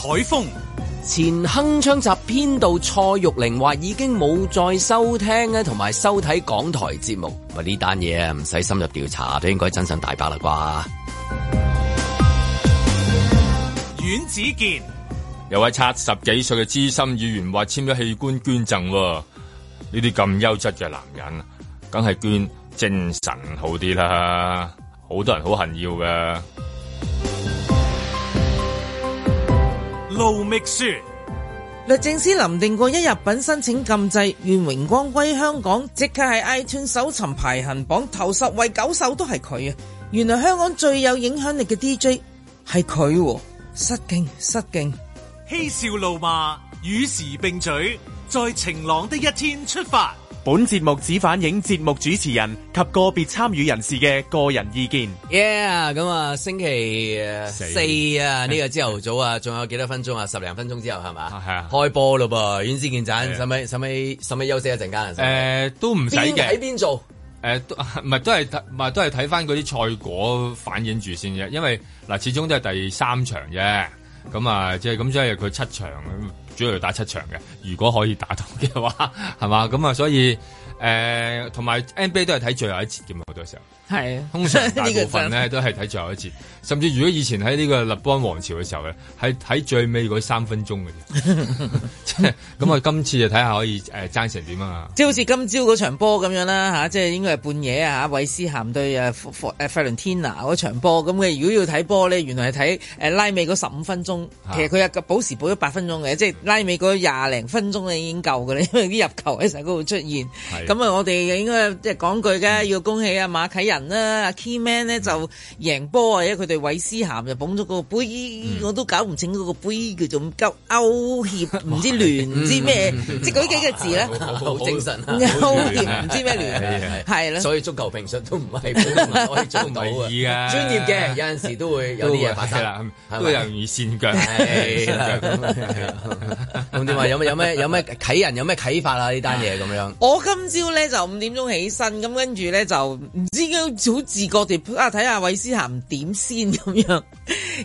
海峰，前鏗鏘集編導蔡玉玲話已經冇再收聽同埋收睇港台節目。喂，呢單嘢唔使深入調查都應該真相大白啦啩。阮子健，有位七十幾歲嘅資深議員話簽咗器官捐贈。呢啲咁優質嘅男人，梗係捐精神好啲啦。好多人好恨要噶。盧秘書律政司林定國一入稟申請禁制，願榮光歸香港，即刻喺 iTunes 搜尋排行榜頭十位九首都係佢啊！原來香港最有影響力嘅 DJ 係佢。哦，失敬失敬，嬉笑怒罵與時並舉，在晴朗的一天出發。本節目只反映節目主持人及個別參與人士嘅個人意見。yeah 咁、嗯、啊星期、呃、四,四啊呢 個朝頭早啊仲有幾多分鐘啊十零分鐘之後係嘛？係啊，開波咯噃，袁子健仔使唔使使唔使休息一陣間？誒、呃、都唔使嘅，喺邊做？誒唔係都係睇，唔係都係睇翻嗰啲賽果反映住先啫，因為嗱，始終都係第三場啫。咁啊，即係咁即係佢七場，主要打七場嘅。如果可以打通嘅話，係嘛？咁啊，所以誒同埋 NBA 都係睇最後一次嘅嘛，好多時候。係啊，通常大部分咧都係睇最後一次， 甚至如果以前喺呢個立邦王朝嘅時候咧，係睇最尾嗰三分鐘嘅啫。咁啊，今次就睇下可以誒、呃、爭成點啊！即係好似今朝嗰場波咁樣啦嚇，即係應該係半夜啊嚇，韋斯咸對誒誒費倫天拿嗰場波咁，佢如果要睇波咧，原來係睇誒拉尾嗰十五分鐘。其實佢入補時補咗八分鐘嘅，即係拉尾嗰廿零分鐘已經夠嘅啦，因為啲入球喺成嗰度出現。咁啊，那我哋應該即係講句嘅，要恭喜啊馬啟仁。啦，阿 Key Man 咧就贏波啊，因為佢哋韋斯咸就捧咗個杯，我都搞唔清嗰個杯叫做勾勾協唔知聯唔知咩，即係嗰幾個字咧。好精神，勾協唔知咩聯，係啦。所以足球評述都唔係普通人做得到㗎，專業嘅有陣時都會有啲嘢發生，都容易跣腳。咁點話有咩有咩有咩啟人有咩啟發啊？呢單嘢咁樣。我今朝咧就五點鐘起身，咁跟住咧就唔知。好自覺地啊，睇下韋斯咸點先咁樣，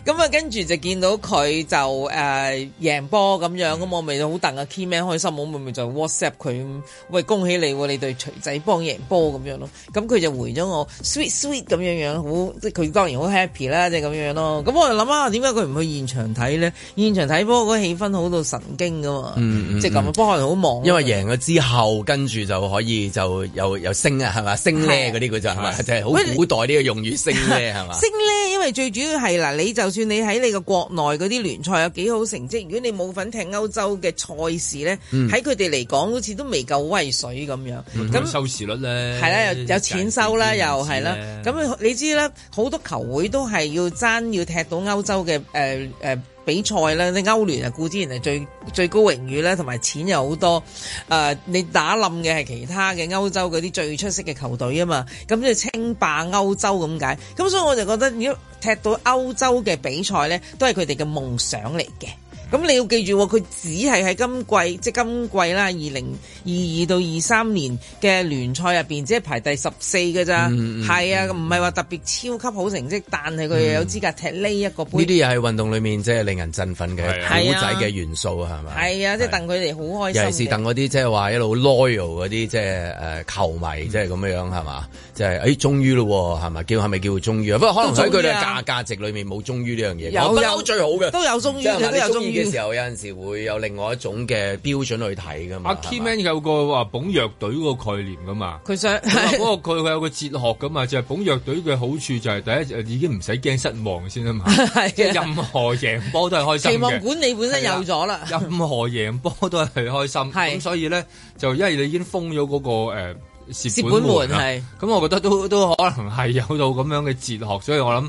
咁啊跟住就見到佢就誒贏波咁樣咁，嗯、我到好大個 key man 開心，好妹妹就 whatsapp 佢，喂，恭喜你，你對鎚仔幫贏波咁樣咯，咁佢就回咗我 sweet sweet 咁樣樣，好即係佢當然好 happy 啦，即係咁樣咯，咁我就諗啊點解佢唔去現場睇咧？現場睇波嗰氣氛好到神經噶嘛，即係咁，波可能好忙，因為贏咗之後跟住就可以就有有升啊，係嘛升咧啲佢就係好古代呢個用語是是升咧係嘛？升咧，因為最主要係嗱，你就算你喺你個國內嗰啲聯賽有幾好成績，如果你冇份踢歐洲嘅賽事咧，喺佢哋嚟講好似都未夠威水咁樣。咁收視率咧，係啦，有有錢收啦，又係啦。咁呢你知啦，好多球會都係要爭，要踢到歐洲嘅誒誒。呃呃比賽啦，啲歐聯啊，固之然係最最高榮譽啦，同埋錢又好多。誒、呃，你打冧嘅係其他嘅歐洲嗰啲最出色嘅球隊啊嘛，咁就稱霸歐洲咁解。咁所以我就覺得，如果踢到歐洲嘅比賽咧，都係佢哋嘅夢想嚟嘅。咁你要記住，佢只係喺今季，即係今季啦，二零二二到二三年嘅聯賽入邊，即係排第十四嘅咋，係啊，唔係話特別超級好成績，但係佢又有資格踢呢一個杯。呢啲又係運動裏面即係令人振奮嘅好仔嘅元素啊，係咪？係啊，即係戥佢哋好開心。尤其是戥嗰啲即係話一路 loyal 嗰啲即係誒球迷，即係咁樣樣係嘛？即係誒終於咯，係咪叫係咪叫終於啊？不過可能佢哋價價值裏面冇終於呢樣嘢。有都有最好嘅，都有終於，都有終於。時候有陣時會有另外一種嘅標準去睇噶嘛。阿 Keyman 有個話、啊、捧弱隊個概念噶嘛。佢想不過佢佢有個哲學噶嘛，就係、是、捧弱隊嘅好處就係第一就已經唔使驚失望先啦嘛。 是的 即係任何贏波都係開心嘅 期望管理本身有咗啦。任何贏波都係開心。咁 是的 所以咧就因為你已經封咗嗰、那個誒蝕、呃、本，本門。係。咁我覺得都都可能係有到咁樣嘅哲學，所以我諗。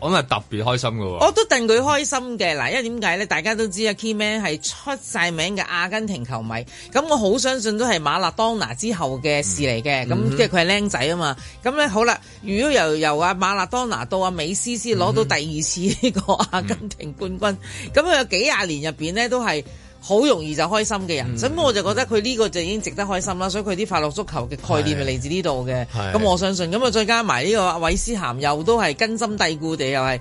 我係特別開心嘅喎，我都戥佢開心嘅。嗱，因為點解咧？大家都知啊，Keyman 係出晒名嘅阿根廷球迷，咁我好相信都係馬勒當拿之後嘅事嚟嘅。咁即係佢係僆仔啊嘛。咁咧好啦，如果由由馬勒當拿到阿美斯斯攞到、嗯、哼第二次呢個阿根廷冠軍，咁佢、嗯、哼有幾廿年入邊咧都係。好容易就開心嘅人，咁、嗯、我就覺得佢呢個就已經值得開心啦。所以佢啲快樂足球嘅概念係嚟自呢度嘅。咁我相信，咁啊再加埋呢個韋斯咸，又都係根深蒂固地又係，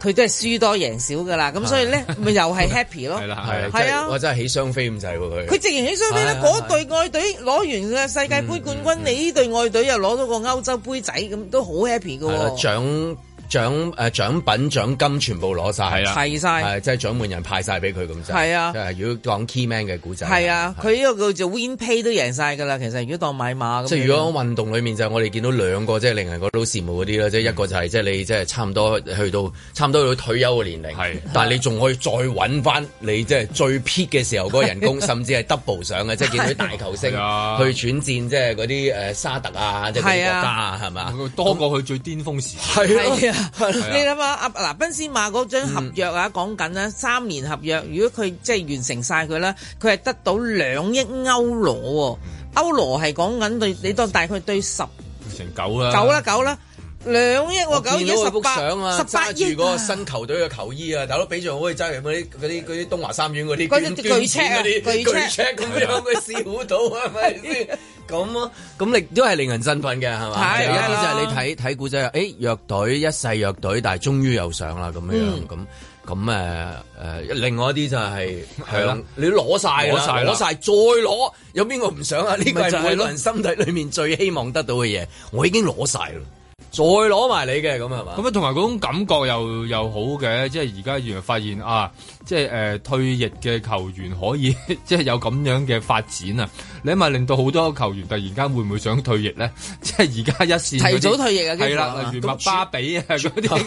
佢都係輸多贏少噶啦。咁是所以咧，咪 又係 happy 咯。係啦，係啊，我真係起雙飛咁滯喎佢。佢直情起雙飛呢嗰隊愛隊攞完嘅世界盃冠軍，啊啊啊、你呢隊愛隊又攞到個歐洲杯仔，咁都好 happy 嘅。喎、啊。獎誒、獎品、獎金全部攞晒，係啊，晒，即係獎門人派晒俾佢咁，係啊，如果講 key man 嘅古仔，係啊，佢呢個叫做 win pay 都贏晒噶啦。其實如果當買馬，即係如果運動裏面就我哋見到兩個即係令人覺得羨慕嗰啲啦，即係一個就係即係你即係差唔多去到差唔多到退休嘅年齡，但係你仲可以再揾翻你即係最撇嘅時候嗰個人工，甚至係 double 上嘅，即係見到大球星去轉戰即係嗰啲誒沙特啊，即係國家啊，係咪？多過佢最巔峰時，係 你諗下阿嗱，賓、啊啊、斯馬嗰張合約啊，講緊呢三年合約，如果佢即係完成晒佢啦，佢係得到兩億歐羅，歐羅係講緊對，你當大概對十成九啦，九啦九啦。兩億或九億十八，揸住嗰個新球隊嘅球衣啊！大佬俾住好似揸住嗰啲嗰啲啲東華三院嗰啲捐巨車嗰啲巨車咁樣嘅笑到係咪先？咁啊，咁你都係令人振奮嘅係嘛？一啲就係你睇睇古仔，誒，弱隊一世弱隊，但係終於又上啦，咁樣咁咁誒誒，另外一啲就係係你攞晒、攞晒再攞，有邊個唔想啊？呢個就係每人心底裏面最希望得到嘅嘢，我已經攞晒啦。再攞埋你嘅咁啊嘛，咁啊同埋嗰種感覺又又好嘅，即係而家原來發現啊，即係誒、呃、退役嘅球員可以即係有咁樣嘅發展啊！你咪令到好多球員突然間會唔會想退役咧？即係而家一時提早退役啊！係啦，如麥巴比啊嗰啲，唔係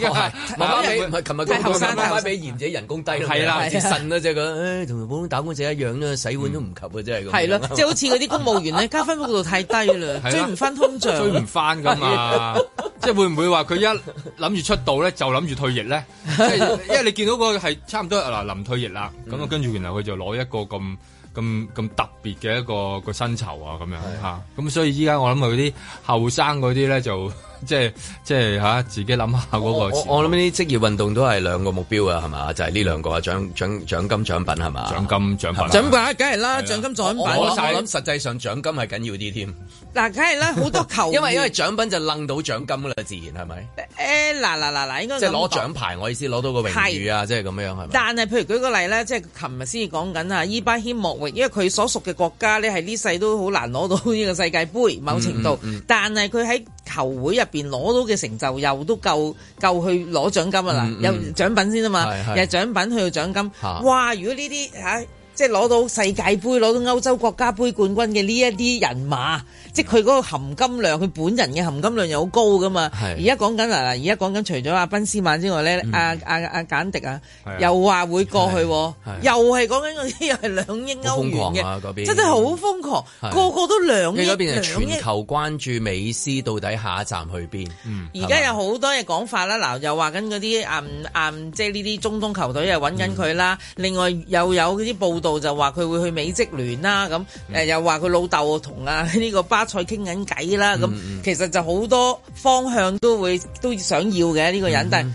麥巴比，琴日高級生麥巴比嫌自己人工低啦，係啦，折騰啦啫佢，誒同普通打工仔一樣啦，洗碗都唔及啊，真係咁。係咯，即係好似嗰啲公務員咧，加薪幅度太低啦，追唔翻通脹。追唔翻㗎嘛？即係會唔會話佢一諗住出道咧，就諗住退役咧？即係因為你見到個係差唔多嗱，臨退役啦，咁啊跟住原來佢就攞一個咁。咁咁特別嘅一個一個薪酬啊，咁樣嚇，咁所以依家我諗佢啲後生嗰啲咧就即係即係吓，自己諗下嗰個。我我諗呢啲職業運動都係兩個目標噶，係嘛？就係呢兩個啊，獎獎獎金獎品係嘛？獎金獎品。獎品，梗係啦，獎金獎品。我我諗實際上獎金係緊要啲添。嗱，梗係啦，好多球。因為因為獎品就掕到獎金啦，自然係咪？誒，嗱嗱嗱嗱，應該。即係攞獎牌，我意思攞到個榮譽啊，即係咁樣係咪？但係譬如舉個例咧，即係琴日先講緊啊，伊巴謙莫域，因為佢所屬嘅國家咧係呢世都好難攞到呢個世界杯，某程度。但係佢喺。球會入邊攞到嘅成就又都夠夠去攞獎金啊啦，嗯嗯、有獎品先啊嘛，由獎品去到獎金，啊、哇！如果呢啲唉，即係攞到世界杯，攞到歐洲國家杯冠軍嘅呢一啲人馬。即係佢嗰個含金量，佢本人嘅含金量又好高噶嘛。而家講緊嗱嗱，而家講緊除咗阿賓斯曼之外咧，阿阿阿簡迪啊，又話會過去，又係講緊嗰啲又係兩億歐元嘅，真係好瘋狂，個個都兩億。你嗰邊係全球關注美斯到底下一站去邊？而家有好多嘢講法啦，嗱，又話緊嗰啲即係呢啲中東球隊又揾緊佢啦。另外又有啲報道就話佢會去美職聯啦咁，又話佢老豆同啊呢個加菜傾緊偈啦，咁其實就好多方向都會都想要嘅呢、這個人，但係。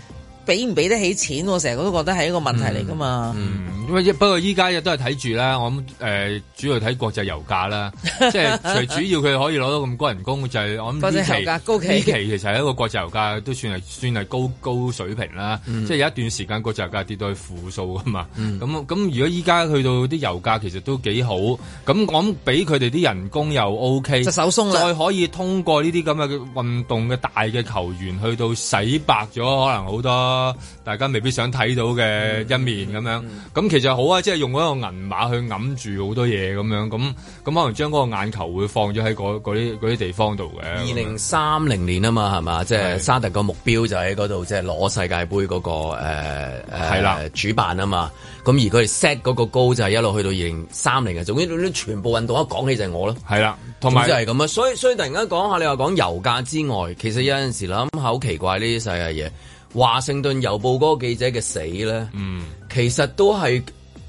俾唔俾得起錢，我成日我都覺得係一個問題嚟噶嘛嗯。嗯，因為不過依家亦都係睇住啦。我諗誒、呃，主要睇國際油價啦， 即係最主要佢可以攞到咁高人工，就係、是、我諗呢期呢期其實係一個國際油價都算係算係高高水平啦。嗯、即係有一段時間國際油價跌到去負數噶嘛。咁咁、嗯，如果依家去到啲油價其實都幾好，咁咁俾佢哋啲人工又 O K，出手鬆再可以通過呢啲咁嘅運動嘅大嘅球員去到洗白咗，可能好多。啊！大家未必想睇到嘅一面咁、嗯、樣，咁、嗯、其實好啊，即係用一個銀碼去揞住好多嘢咁樣，咁咁可能將嗰個眼球會放咗喺嗰啲嗰啲地方度嘅。二零三零年啊嘛，係嘛？即係沙特個目標就喺嗰度，即係攞世界杯嗰、嗰個誒誒、呃啦呃、主辦啊嘛。咁而佢哋 set 嗰個 goal 就係一路去到二零三零嘅，總之全部運動一講起就係我咯，係啦，同埋就係咁啊。所以所以突然間講下，你話講油價之外，其實有陣時諗下好奇怪呢啲世界嘢。華盛頓郵報嗰個記者嘅死咧，嗯、其實都係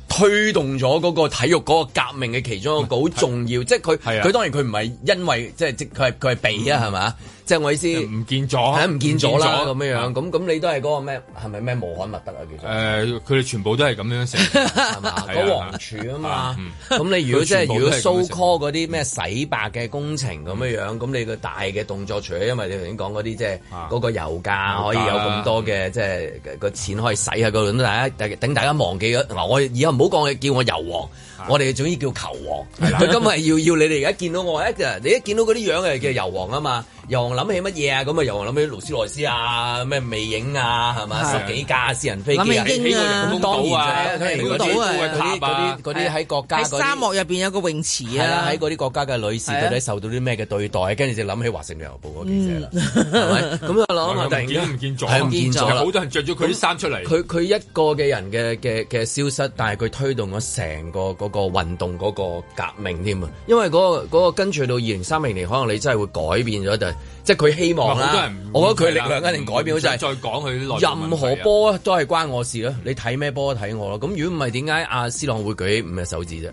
推動咗嗰個體育嗰、嗰個革命嘅其中一個好重要，體育即係佢佢當然佢唔係因為即係即佢係佢係被啊，係嘛？嗯即係我意思，唔見咗，係，唔見咗啦，咁樣咁咁你都係嗰個咩？係咪咩穆罕默德啊？叫做誒，佢哋全部都係咁樣寫，係嘛？嗰個王柱啊嘛，咁你如果即係如果 so call 嗰啲咩洗白嘅工程咁樣樣，咁你個大嘅動作，除咗因為你頭先講嗰啲，即係嗰個油價可以有咁多嘅，即係個錢可以洗下個輪，大家等大家忘記咗。嗱，我以後唔好講，叫我油王。我哋總之叫球王，佢今日要要你哋而家見到我，一你一見到嗰啲樣誒叫遊王啊嘛，遊王諗起乜嘢啊？咁啊遊王諗起勞斯萊斯啊，咩魅影啊，係嘛，十幾架私人飛機啊，幾個人工島啊，嗰啲嗰啲嗰啲喺國家嗰沙漠入邊有個泳池啊，喺嗰啲國家嘅女士到底受到啲咩嘅對待？跟住就諗起華盛頓郵報嗰個記者啦，咁就諗突然間唔見咗，唔見咗，好多人着咗佢啲衫出嚟，佢佢一個嘅人嘅嘅嘅消失，但係佢推動咗成個個。嗰個運動嗰個革命添啊，因為嗰、嗰個嗰、嗰個跟隨到二零三零年，可能你真係會改變咗，就係即係佢希望啦。我覺得佢力量一定改變，就係再講佢任何波都係關我事咯。嗯、你睇咩波睇我咯。咁如果唔係點解阿斯朗會舉五隻手指啫？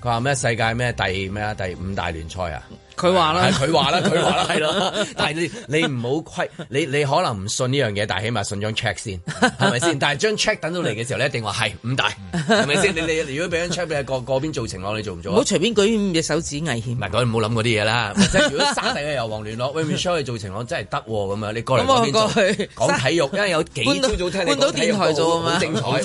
佢話咩世界咩第咩啊第五大聯賽啊？佢話啦，佢話啦，佢話啦，係咯。但係你你唔好虧，你你可能唔信呢樣嘢，但係起碼信張 check 先，係咪先？但係張 check 等到嚟嘅時候你一定話係五大，係咪先？你你如果俾張 check 俾個個邊做情侶，你做唔做？唔好隨便舉五隻手指，危險。唔係，佢唔好諗嗰啲嘢啦。即係如果三隻嘅油王聯絡，喂 Michelle 做情侶真係得喎，咁啊你過嚟。咁我過去講體育，因為有幾朝早聽到。換台好精彩，好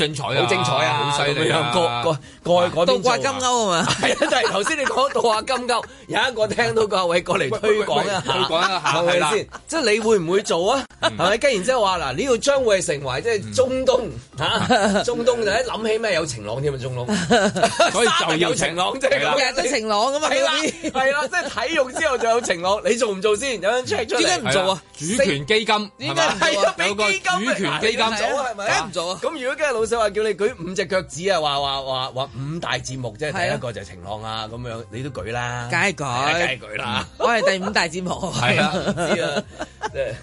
精彩啊，好犀利咁樣，個過去講。倒掛金鈎啊嘛，係啊，就係頭先你講到啊金鈎有一個聽到。各位過嚟推廣，推廣一下，係咪先？即係你會唔會做啊？係咪？跟住之後話嗱，呢度將會係成為即係中東吓，中東就喺諗起咩有晴朗添啊？中東，所以就有晴朗，即係每日都晴朗噶嘛？係啦，係啦，即係體育之後就有晴朗，你做唔做先？有冇 check？點解唔做啊？主權基金，點解係個俾基金啊？主權基金做係咪？唔做啊？咁如果今日老細話叫你舉五隻腳趾啊，話話話話五大節目，即係第一個就係晴朗啊，咁樣你都舉啦，梗係舉，梗係舉。我係第五大節目，係啊，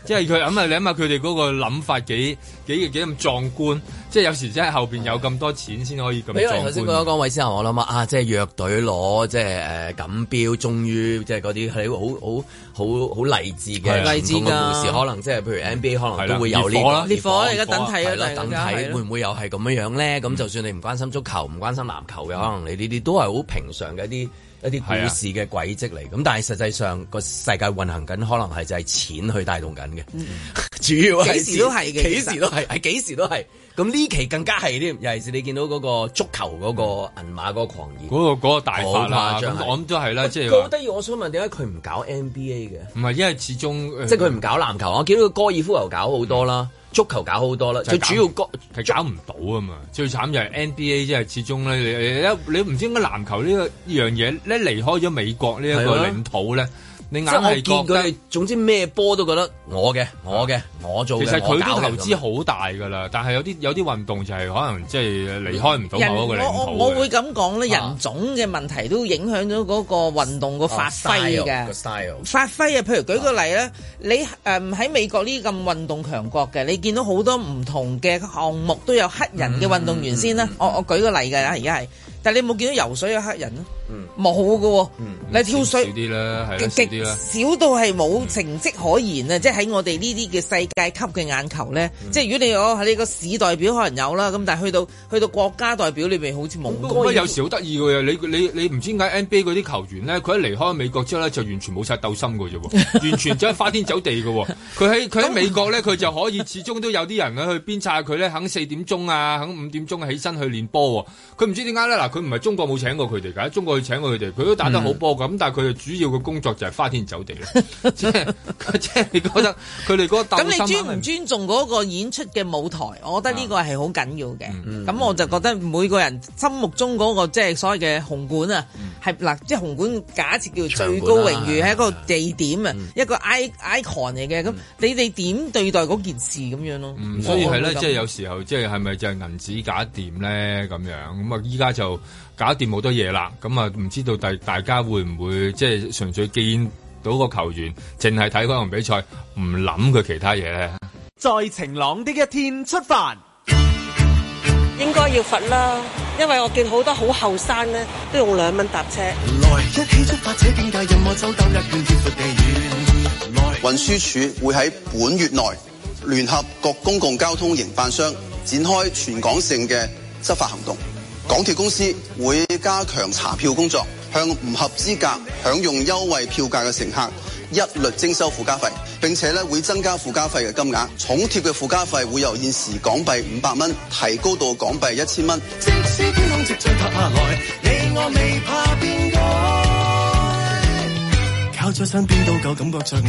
即係佢諗下諗下佢哋嗰個諗法幾幾幾咁壯觀，即係有時即係後邊有咁多錢先可以咁。因為，頭先講一講韋斯我諗下啊，即係藥隊攞即係誒錦標，終於即係嗰啲係好好好好勵志嘅勵志嘅故事，可能即係譬如 NBA 可能都會有烈火。烈火而家等睇等睇會唔會又係咁樣樣咧？咁就算你唔關心足球，唔關心籃球嘅，可能你呢啲都係好平常嘅一啲。一啲股市嘅軌跡嚟，咁是、啊、但係實際上個世界運行緊，可能係就係錢去帶動緊嘅。嗯、主要幾時都係嘅，幾時都係，係幾時都係。咁呢期更加係添，尤其是你見到嗰個足球嗰個銀碼嗰個狂熱，嗰、那個嗰、那個大翻啦。咁、就是、我諗都係啦，即係、就是。好得意，我想問點解佢唔搞 NBA 嘅？唔係，因為始終即係佢唔搞籃球，我見到佢高爾夫又搞好多啦。嗯足球搞好多啦，最主要個係搞唔到啊嘛。捉最慘就係 NBA，即係始終咧，你你你唔知點解籃球呢個呢樣嘢咧，離開咗美國呢一個領土咧。你硬係覺得，見總之咩波都覺得我嘅，我嘅，啊、我做。其實佢都投資好大噶啦，嗯、但係有啲有啲運動就係可能即係離開唔到嗰個領我我，我會咁講咧，啊、人種嘅問題都影響咗嗰個運動個發揮嘅、啊 oh, style。發揮啊，譬如舉個例咧，啊、你唔喺、嗯、美國呢咁運動強國嘅，你見到好多唔同嘅項目都有黑人嘅運動員先啦。嗯、我我舉個例嘅啦，而家係，但你冇見到游水嘅黑人啊？冇噶，哦嗯、你跳水啲極極少到係冇成績可言啊！嗯、即係喺我哋呢啲嘅世界級嘅眼球咧，嗯、即係如果你話喺呢個市代表可能有啦，咁但係去到去到國家代表你咪好似冇。咁啊、嗯嗯嗯嗯、有時好得意嘅，你你你唔知點解 NBA 嗰啲球員咧，佢一離開美國之後咧就完全冇晒鬥心嘅啫， 完全就係花天酒地嘅。佢喺佢喺美國咧，佢就可以始終都有啲人去鞭策佢咧，肯四點鐘啊，肯五點鐘起身去練波。佢唔知點解咧，嗱佢唔係中國冇請過佢哋噶，中國。請過佢哋，佢都打得好波咁，但係佢哋主要嘅工作就係花天酒地，即係即係覺得佢哋嗰個。咁你尊唔尊重嗰個演出嘅舞台？我覺得呢個係好緊要嘅。咁我就覺得每個人心目中嗰個即係所謂嘅紅館啊，係嗱，即係紅館假設叫做最高榮譽，係一個地點啊，一個 icon 嚟嘅。咁你哋點對待嗰件事咁樣咯？所以係咧，即係有時候即係係咪就係銀紙假掂咧咁樣？咁啊，依家就。搞掂好多嘢啦，咁啊唔知道大家會唔會即係純粹見到個球員，淨係睇嗰場比賽，唔諗佢其他嘢咧。在晴朗的一天出發，應該要罰啦，因為我見好多好後生咧，都用兩蚊搭車。來，一起出發者境界，任我走，到一遠天闊地遠。運輸署會喺本月內聯合各公共交通營辦商，展開全港性嘅執法行動。港鐵公司會加強查票工作，向唔合資格享用優惠票價嘅乘客一律徵收附加費，並且咧會增加附加費嘅金額。重貼嘅附加費會由現時港幣五百蚊提高到港幣一千蚊。即使天空直墜塌下來，你我未怕變改，靠在身邊都夠感覺着愛。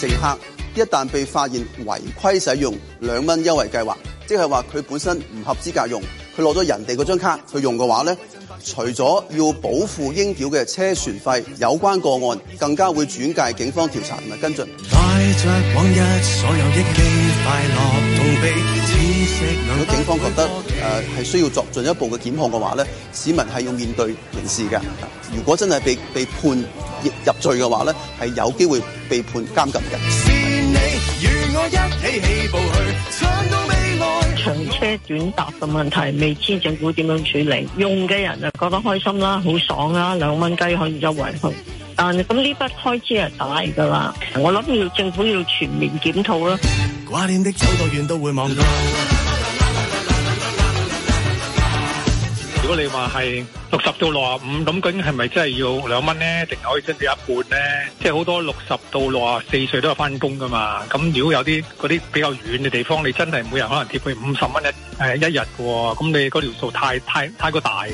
乘客一旦被發現違規使用兩蚊優惠計劃，即係話佢本身唔合資格用，佢攞咗人哋嗰張卡去用嘅話咧，除咗要補付應繳嘅車船費，有關個案更加會轉介警方調查同埋跟進。如果警方覺得誒係、呃、需要作進一步嘅檢控嘅話咧，市民係要面對刑事嘅。如果真係被被判入罪嘅話咧，係有機會被判監禁嘅。是你與我一起起步去。長車短搭嘅問題，未知政府點樣處理？用嘅人就覺得開心啦，好爽啦，兩蚊雞可以周圍去。但係咁呢筆開支係大噶啦，我諗要政府要全面檢討啦。掛念的招待員都會望到。如果你話係六十到六啊五，咁究竟係咪真係要兩蚊咧，定可以津貼一半咧？即係好多六十到六啊四歲都有翻工噶嘛。咁如果有啲嗰啲比較遠嘅地方，你真係每人可能貼佢五十蚊一誒一日嘅，咁你嗰條數太太太過大嘅。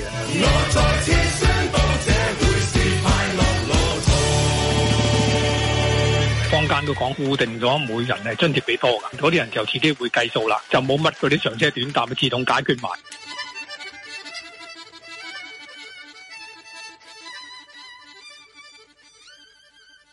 坊間都講固定咗每人係津貼幾多噶，嗰啲人就自己會計數啦，就冇乜嗰啲長車短搭，咪自動解決埋。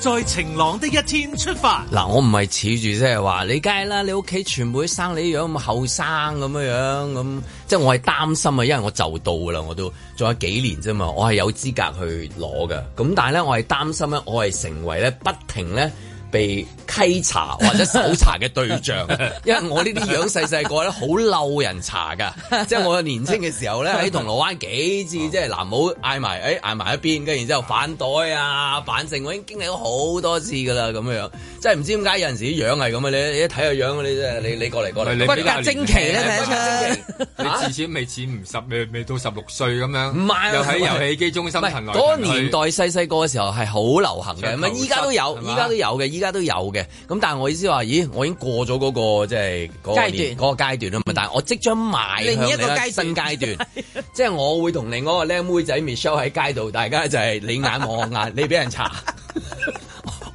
在晴朗的一天出發。嗱，我唔係恃住即係話你梗係啦，你屋企全部都生你樣咁後生咁樣咁，即係我係擔心啊，因為我就到噶啦，我都仲有幾年啫嘛，我係有資格去攞噶，咁但係咧，我係擔心咧，我係成為咧不停咧。被稽查或者搜查嘅對象，因為我呢啲樣細細個咧好嬲人查噶，即係我年輕嘅時候咧喺銅鑼灣幾次，即係藍帽嗌埋，誒嗌埋一邊，跟住然之後反袋啊反正我已經經歷咗好多次噶啦，咁樣，即係唔知點解有陣時啲樣係咁啊！你你一睇個樣，你真係你你過嚟過嚟，骨架驚奇咧，你至少未似唔十未到十六歲咁樣，又喺遊戲機中心，嗰個年代細細個嘅時候係好流行嘅，唔係依家都有，依家都有嘅。而家都有嘅，咁但係我意思話，咦，我已經過咗嗰、嗰個即係階段，嗰個階段啦，但係我即將邁向另一新階段，即係我會同另一嗰個靚妹仔 Michelle 喺街度，大家就係你眼望眼， 你俾人查。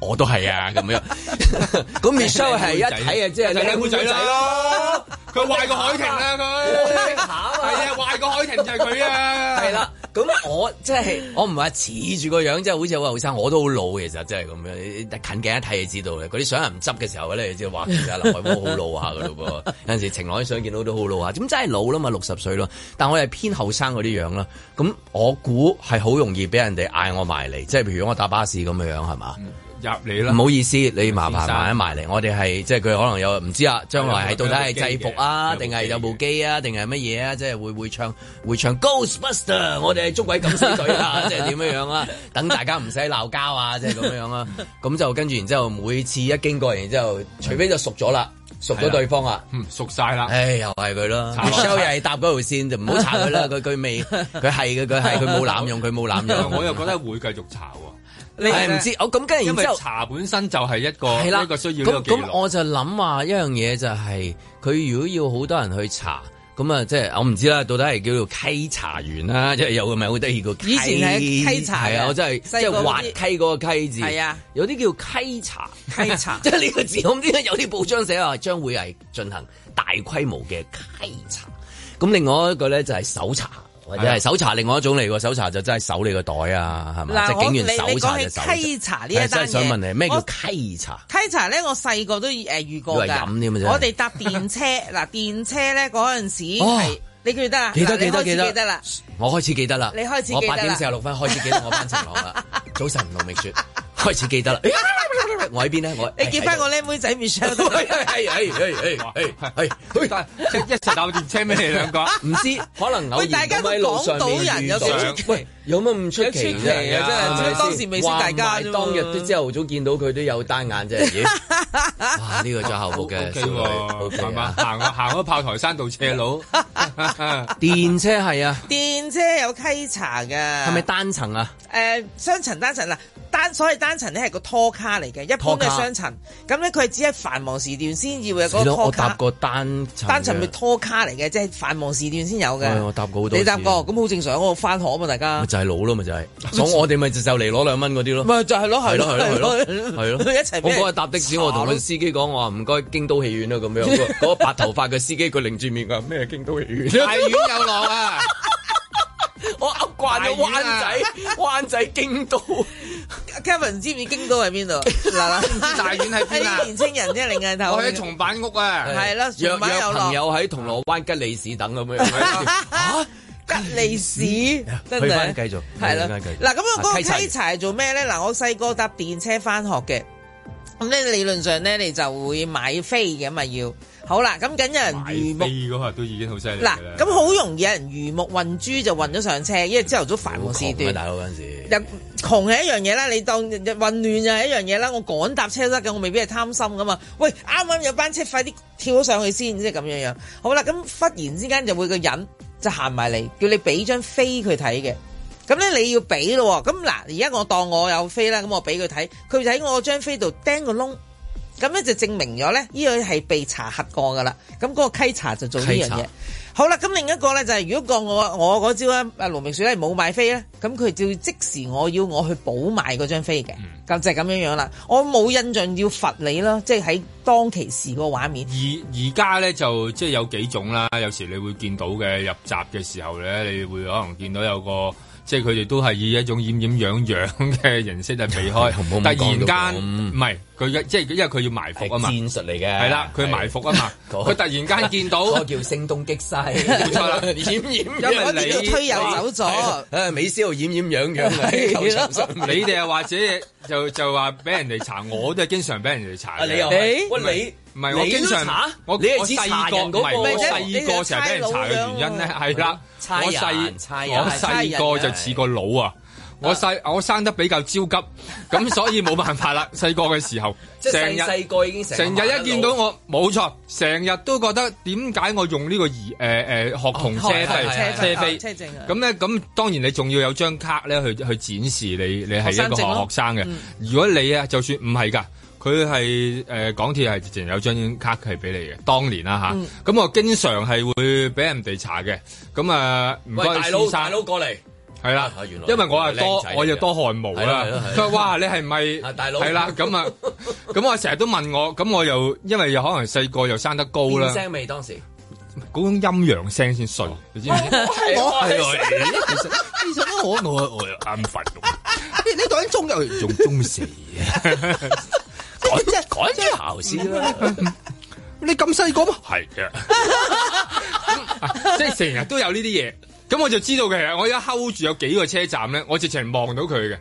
我都係啊，咁樣咁 Michelle 係一睇啊，即係靚妹仔咯。佢壞過海婷啊，佢係啊，壞過海婷就係佢啊。係啦，咁我即係我唔係話似住個樣，即係好似話後生，我都好老其實，即係咁樣近鏡一睇就知道啦。嗰啲相唔執嘅時候咧，就話其實劉海波好老下噶咯噃。有陣時晴朗啲相見到都好老下，咁真係老啦嘛，六十歲咯。但我係偏後生嗰啲樣啦。咁我估係好容易俾人哋嗌我埋嚟，即係譬如我搭巴士咁樣樣係嘛？入嚟啦！唔好意思，你麻煩埋一埋嚟，我哋係即係佢可能又唔知啊，將來係到底係制服啊，定係有部機啊，定係乜嘢啊？即係會會唱會唱 Ghostbuster，我哋係捉鬼敢死隊啊！即係點樣樣啊？等大家唔使鬧交啊！即係咁樣樣啊？咁就跟住然之後每次一經過，然之後除非就熟咗啦，熟咗對方啊，熟晒啦。唉，又係佢咯。Michelle 又係搭嗰條線，就唔好查佢啦。佢佢未，佢係嘅，佢係佢冇濫用，佢冇濫用。我又覺得會繼續查。你係唔知我咁跟住之後，因為茶本身就係一個係啦，一個需要一個記錄，咁我就諗話、啊、一樣嘢就係、是、佢如果要好多人去查，咁啊，即係我唔知啦，到底係叫做稽查員啦、啊，即係有佢咪好得意個。以前係稽查啊，我真係即係滑稽嗰個稽字。係啊，有啲叫稽查。稽查即係呢個字。我唔知有啲報章寫話將會係進行大規模嘅稽查。咁另外一個咧就係、是、搜查。又係搜查，另外一種嚟喎。搜查就真係搜你個袋啊，係咪？嗱，警員搜查就搜查。呢真係想問你，咩叫稽查？稽查咧，我細個都誒遇過噶。我哋搭電車，嗱，電車咧嗰陣時你記得啊？記得記得記得記得啦，我開始記得啦。你開始記得，我八點四十六分開始記得我班晴朗啦。早晨，盧覓雪。開始記得啦、哎！我喺邊咧？我你見翻我靚妹，妹仔面上，係係係係係係係，一齊鬧電車咩兩個？唔知可能偶然喺路上面遇上。大家都講到人有喂有乜唔出奇啊！真係，當時當時未識大家。當日都朝頭早見到佢都有單眼啫。哇！呢個着後部嘅，係嘛？行行咗炮台山道斜路，電車係啊，電車有稽查嘅，係咪單層啊？誒，雙層、單層啊。單所以單層咧係個拖卡嚟嘅，一般嘅雙層。咁咧佢只係繁忙時段先至會有嗰個拖卡。我搭過單，單層咪拖卡嚟嘅，即係繁忙時段先有嘅。我搭過好多。你搭過咁好正常，我翻學啊嘛，大家。大佬咯，咪就係，我哋咪就嚟攞兩蚊嗰啲咯。咪就係咯，係咯，係咯，係咯，係咯，一齊。我嗰日搭的士，我同個司機講，我話唔該，京都戲院咯咁樣。嗰個白頭髮嘅司機，佢擰住面，佢話咩？京都戲院，大丸有落啊！我慣咗灣仔，灣仔京都。Kevin 知唔知京都喺邊度？嗱嗱，大丸喺邊啊？啲年青人即係，擰下頭。我喺松坂屋啊，係咯，松坂有落。有朋友喺銅鑼灣吉利士等咁樣。吉利市，真係，繼續，係啦，嗱，咁嗰了、啊、個稽查係做咩咧？嗱、啊啊，我細個搭電車翻學嘅，咁你理論上咧，你就會買飛嘅嘛，要。好啦，咁緊有人。買飛嗰下都已經好犀利嗱，咁好、啊、容易有人魚目混珠就混咗上車，因為朝頭早繁忙時段，大佬嗰陣時，窮係一樣嘢啦，你當混亂又係一樣嘢啦。我趕搭車得嘅，我未必係貪心噶嘛。喂，啱啱有班車，快啲跳上去先，即係咁樣樣。好啦，咁忽然之間就會個人。就行埋嚟，叫你俾張飛佢睇嘅，咁咧你要俾咯，咁嗱，而家我當我有飛啦，咁我俾佢睇，佢就喺我張飛度釘個窿，咁咧就證明咗咧，呢樣係被查核過噶啦，咁嗰個稽查就做呢樣嘢。好啦，咁另一個咧就係、是，如果講我我嗰招咧，阿盧明雪咧冇買飛咧，咁佢就即時我要我去補買嗰張飛嘅，咁、嗯、就係咁樣樣啦。我冇印象要罰你啦，即係喺當其時個畫面。而而家咧就即係有幾種啦，有時你會見到嘅入閘嘅時候咧，你會可能見到有個。即係佢哋都係以一種掩掩樣樣嘅形式嚟避開。突然間唔係佢即係因為佢要埋伏啊嘛，戰術嚟嘅係啦，佢埋伏啊嘛，佢突然間見到，我叫聲東擊西，冇錯啦，掩掩養養。因為你推又走咗，誒美斯又掩掩養養。你哋又或者就就話俾人哋查，我都係經常俾人哋查。你你。唔係我經常我個細個唔係細個成日畀人查嘅原因咧，係啦，我細我細個就似個佬啊！我細我生得比較焦急，咁所以冇辦法啦。細個嘅時候，成日已成日一見到我冇錯，成日都覺得點解我用呢個兒誒學童車飛車飛車證咁咧？咁當然你仲要有張卡咧去去展示你你係一個學生嘅。如果你啊，就算唔係㗎。佢係誒港鐵係直情有張卡係俾你嘅，當年啦吓。咁我經常係會俾人哋查嘅。咁啊，唔該，先生。大佬，大佬過嚟，係啦，原來因為我啊多，我又多汗毛啦。佢話：你係咪？係大佬。係啦，咁啊，咁我成日都問我，咁我又因為又可能細個又生得高啦。聲未當時，嗰種陰陽聲先衰，你知唔知？我係，其實都我我我又啱瞓，你講中又仲中時啊！改即改啲考先啦，你咁細個，係嘅即係成日都有呢啲嘢。咁我就知道嘅。我而家 hold 住有幾個車站咧，我直情望到佢嘅。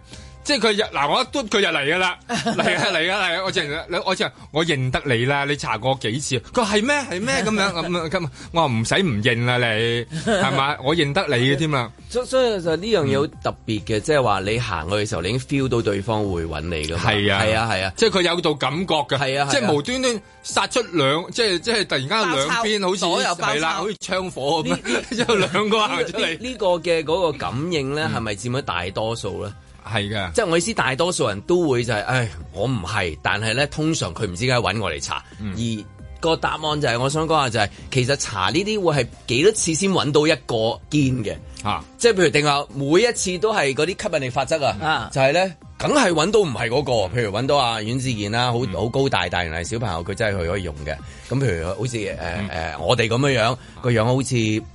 即係佢入嗱，我一篤佢就嚟噶啦，嚟啊嚟啊嚟啊！我即係我我即係我認得你啦，你查過幾次？佢係咩係咩咁樣咁啊咁啊？我話唔使唔認啦，你係嘛？我認得你嘅添啦。所所以就呢樣嘢好特別嘅，即係話你行去嘅時候，你已經 feel 到對方會揾你噶嘛？係啊係啊係啊！即係佢有度感覺噶。係啊！即係無端端殺出兩，即係即係突然間兩邊好似係啦，好似槍火咁，有兩個行出嚟。呢個嘅嗰個感應咧，係咪佔咗大多數咧？係嘅，即係我意思，大多數人都會就係、是，唉，我唔係，但係咧，通常佢唔知解揾我嚟查，嗯、而個答案就係、是，我想講下，就係、是，其實查呢啲會係幾多次先揾到一個堅嘅，啊，即係譬如定下每一次都係嗰啲吸引力法則啊，就係咧，梗係揾到唔係嗰個，譬如揾到阿阮志健啦，好好高大，大但係小朋友佢真係佢可以用嘅，咁譬如好似誒誒我哋咁樣樣，個樣好似。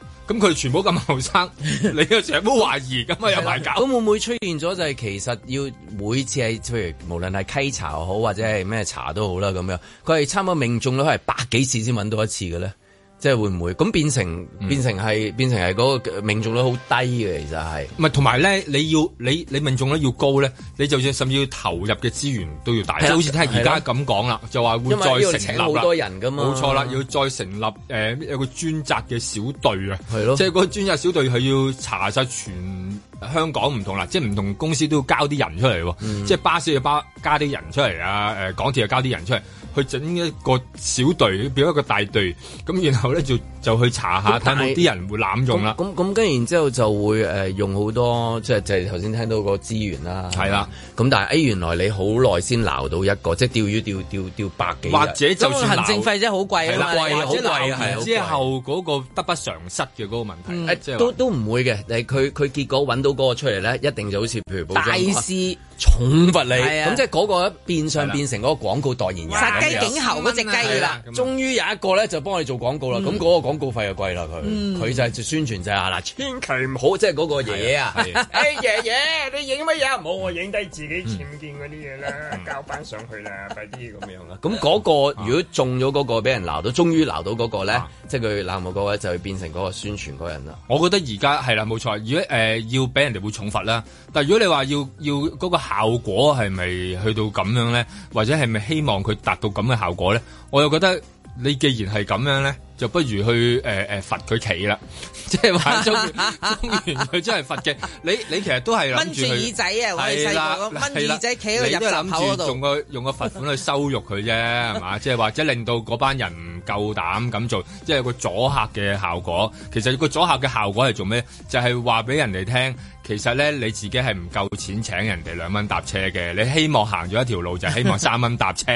咁佢全部咁後生，你又成日冇懷疑，咁啊有排搞，咁會唔會出現咗就係其實要每次係譬如無論係稽查又好，或者係咩查都好啦，咁樣，佢係差唔多命中率係百幾次先揾到一次嘅咧？即係會唔會咁變成變成係、嗯、變成係嗰個命中率好低嘅，其實係。唔係同埋咧，你要你你命中率要高咧，你就算甚至要投入嘅資源都要大。係好似聽而家咁講啦，就話的會再成立請好多人噶嘛。冇錯啦，要再成立誒、呃、有一個專責嘅小隊啊。係咯的。即係個專責小隊係要查曬全香港唔同啦，即係唔同公司都要交啲人出嚟喎。即係、嗯、巴士又巴加啲人出嚟啊、呃！港鐵又加啲人出嚟。去整一個小隊，變咗一個大隊，咁然後咧就就去查下，睇下啲人會濫用啦。咁咁跟然之後就會誒、呃、用好多，即係即係頭先聽到個資源啦。係啦的，咁的但係 A、哎、原來你好耐先撈到一個，即係釣魚釣釣釣百幾或者就算行政費真係好貴啊，好貴啊，之後嗰個得不償失嘅嗰個問題，都都唔會嘅，佢佢結果揾到嗰個出嚟咧，一定就好似譬如裝。大重罰你，咁即係嗰個變相變成嗰個廣告代言人，殺雞儆猴嗰隻雞啦。終於有一個咧就幫我哋做廣告啦，咁嗰個廣告費就貴啦佢，佢就係宣傳就係啦，千祈唔好即係嗰個爺爺啊，爺爺你影乜嘢唔好，我影低自己僭建嗰啲嘢啦，交翻上去啦，快啲咁樣啦。咁嗰個如果中咗嗰個俾人鬧到，終於鬧到嗰個咧，即係佢冷漠嗰位就會變成嗰個宣傳嗰人啦。我覺得而家係啦冇錯，如果誒要俾人哋會重罰啦，但係如果你話要要嗰個。效果係咪去到咁樣咧？或者係咪希望佢達到咁嘅效果咧？我又覺得你既然係咁樣咧，就不如去誒誒罰佢企啦，即係話充完佢真係罰嘅。你你其實都係掹住耳仔啊，或者咁，掹住耳仔企喺入口嗰度。你都諗住用個用個罰款去羞辱佢啫，係嘛？即係或者令到嗰班人唔夠膽咁做，即係有個阻嚇嘅效果。其實個阻嚇嘅效果係做咩？就係話俾人哋聽。其實咧，你自己係唔夠錢請人哋兩蚊搭車嘅，你希望行咗一條路就是、希望三蚊搭車，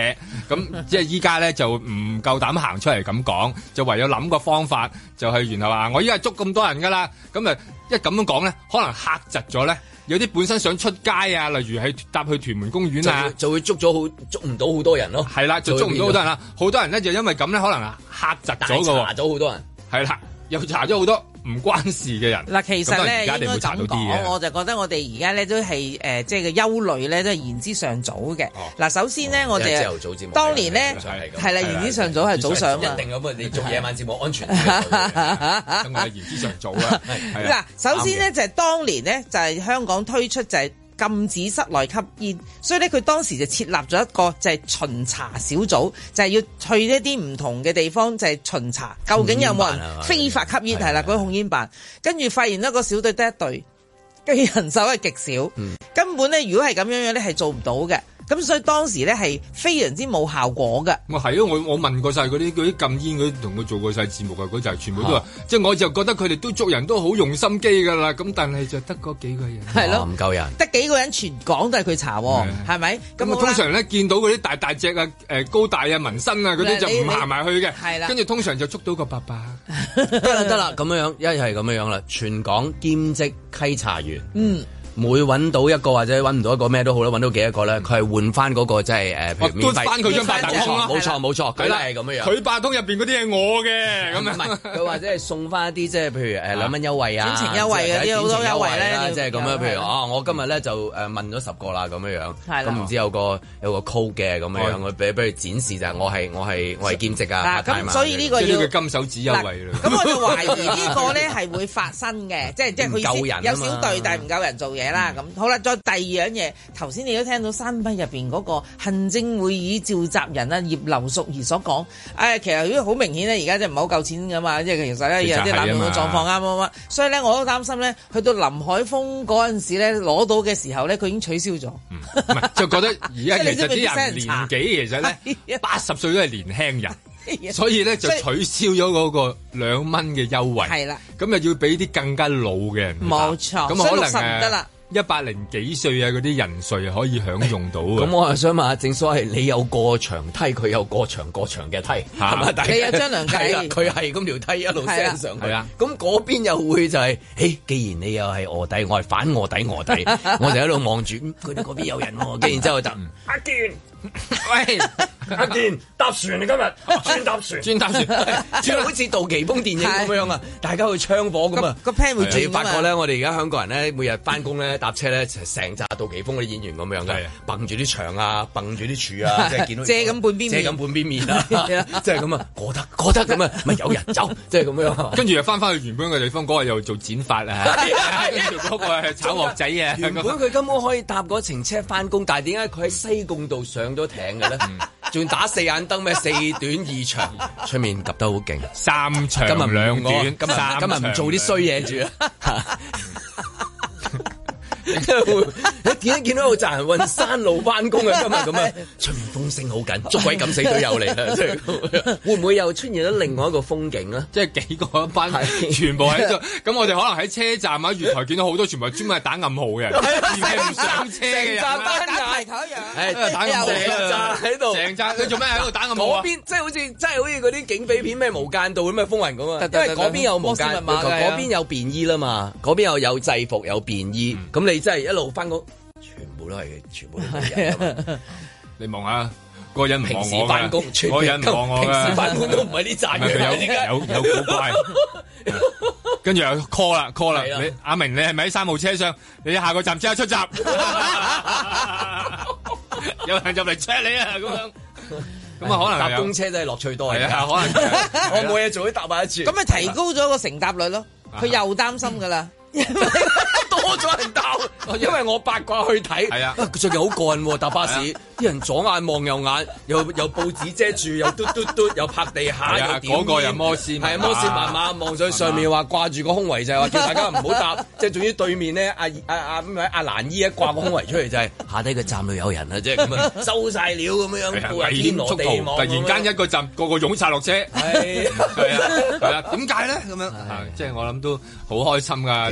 咁即係依家咧就唔夠膽行出嚟咁講，就唯有諗個方法，就係、是、然後話我依家捉咁多人㗎啦，咁啊一咁樣講咧，可能嚇窒咗咧，有啲本身想出街啊，例如係搭去屯門公園啊，就會捉咗好捉唔到好多人咯，係啦，就捉唔到好多人啦，好多人咧就因為咁咧，可能啊嚇窒大咗個查咗好多人，係啦，又查咗好多。唔關事嘅人嗱，其實咧應該咁講，我就覺得我哋而家咧都係誒，即係個憂慮咧都係言之尚早嘅。嗱，首先咧我哋，當年咧係啦，言之尚早係早上啊，一定咁啊，你做夜晚節目安全啲。我係言之尚早啦。嗱，首先咧就係當年咧就係香港推出就係。禁止室內吸煙，所以咧佢當時就設立咗一個就係巡查小組，就係要去一啲唔同嘅地方就係巡查，究竟有冇人非法吸煙？係啦，嗰個控煙辦，跟住發現一個小隊得一隊，跟住人手係極少，根本咧如果係咁樣樣咧係做唔到嘅。咁所以當時咧係非常之冇效果嘅。我係咯，我我問過晒嗰啲嗰啲禁煙嗰啲同佢做過晒節目嘅，佢就全部都話，啊、即係我就覺得佢哋都捉人都好用心機㗎啦。咁但係就得嗰幾個人，係咯、哦，唔、哦、夠人，得幾個人全港都係佢查，係咪？咁通常咧見到嗰啲大大隻、呃、大啊、誒高大啊、紋身啊嗰啲就唔行埋去嘅。係啦，跟住通常就捉到個伯伯，得啦得啦，咁樣樣一係咁樣樣啦，全港兼職稽查員。嗯。每揾到一個或者揾唔到一個咩都好啦，揾到幾多個咧，佢係換翻嗰個即係誒，換翻佢張八通，冇錯冇錯，佢咧係咁樣樣，佢八通入邊嗰啲係我嘅，咁佢或者係送翻一啲即係譬如誒兩蚊優惠啊，感情優惠嘅啲好多優惠咧，即係咁樣，譬如啊，我今日咧就誒問咗十個啦咁樣樣，咁唔知有個有個 call 嘅咁樣，佢俾俾佢展示就係我係我係我係兼職啊，所以呢個要金手指優惠，咁我就懷疑呢個咧係會發生嘅，即係即係佢有少對，但係唔夠人做嘢。啦咁、嗯、好啦，再第二樣嘢，頭先你都聽到三批入邊嗰個行政會議召集人啊葉劉淑儀所講，誒、哎、其實如果好明顯咧，而家真係唔係好夠錢噶嘛，即係其實咧有啲冷暖狀況啱唔啱？所以咧我都擔心咧，去到林海峰嗰陣時咧，攞到嘅時候咧，佢已經取消咗、嗯，就覺得而家其實啲人年紀，其實咧八十歲都係年輕人， 的所以咧就取消咗嗰個兩蚊嘅優惠，係啦的，咁又要俾啲更加老嘅人冇錯，咁錯可能得、啊、啦。一百零幾歲啊！嗰啲人瑞可以享用到、哎。咁我又想問下，正所謂你有過牆梯，佢有過牆過牆嘅梯，係嘛？第一張良計，佢係咁條梯一路升上去。咁嗰、啊、邊又會就係、是，誒、哎，既然你又係臥底，我係反臥底，臥底， 我就喺度望住，佢哋嗰邊有人喎、啊，竟然之後突阿健。嗯啊喂，阿健搭船嚟今日，轉搭船，轉搭船，轉到好似杜琪峰電影咁樣啊！大家去槍火咁啊！個 pan 會轉啊！發覺咧，我哋而家香港人咧，每日翻工咧搭車咧，成扎杜琪峰啲演員咁樣嘅，掟住啲牆啊，掟住啲柱啊，即係見到遮咁半邊，遮咁半邊面啊，即係咁啊，覺得覺得咁啊，咪有人走，即係咁樣，跟住又翻翻去原本嘅地方，嗰日又做剪髮啊，跟住嗰個係炒鑊仔啊！原本佢根本可以搭嗰程車翻工，但係點解佢喺西貢度上？都挺嘅咧，仲打四眼燈咩？四短二長，出面揼得好勁。三長今日兩短，今今日唔做啲衰嘢住。 即係會，你見一見到個雜人運山路翻工啊！今日咁啊，出面風聲好緊，捉鬼敢死隊又嚟啦！會唔會又出現咗另外一個風景呢？即係幾個班，全部喺度。咁我哋可能喺車站啊、月台見到好多，全部係專門係打暗號嘅，全部唔上車站嘅人。成扎打台球一樣，打暗號。成站喺度，成站。你做咩喺度打暗號嗰邊即係好似，真係好似嗰啲警匪片咩《無間道》咁啊，《風雲》咁啊。因為嗰邊有無間密碼，嗰邊有便衣啦嘛，嗰邊又有制服，有便衣。咁你。真係一路翻工，全部都係，全部都係人。你望下，嗰人平時辦公，嗰人唔望我噶，平時辦公都唔係呢站，有有有古怪。跟住又 call 啦，call 啦。你阿明，你係咪喺三號車上？你下個站即刻出閘，有人入嚟 check 你啊！咁樣，咁啊可能搭公車都係樂趣多嘅，可能我冇嘢做，可以搭埋一次。咁咪提高咗個乘搭率咯？佢又擔心噶啦。多咗人搭，因為我八卦去睇，係啊，佢最近好過喎，搭巴士，啲人左眼望右眼，又又報紙遮住，又嘟嘟嘟，又拍地下，嗰個人摩斯，係啊，摩斯慢慢望上上面話掛住個胸圍就係話叫大家唔好搭，即係仲要對面咧，阿阿阿阿蘭姨一掛個胸圍出嚟就係下低個站裏有人啊，即係咁樣收晒料，咁樣天羅地網，突然間一個站個個湧晒落車，係啊，係啊，點解咧咁樣？即係我諗都好開心噶。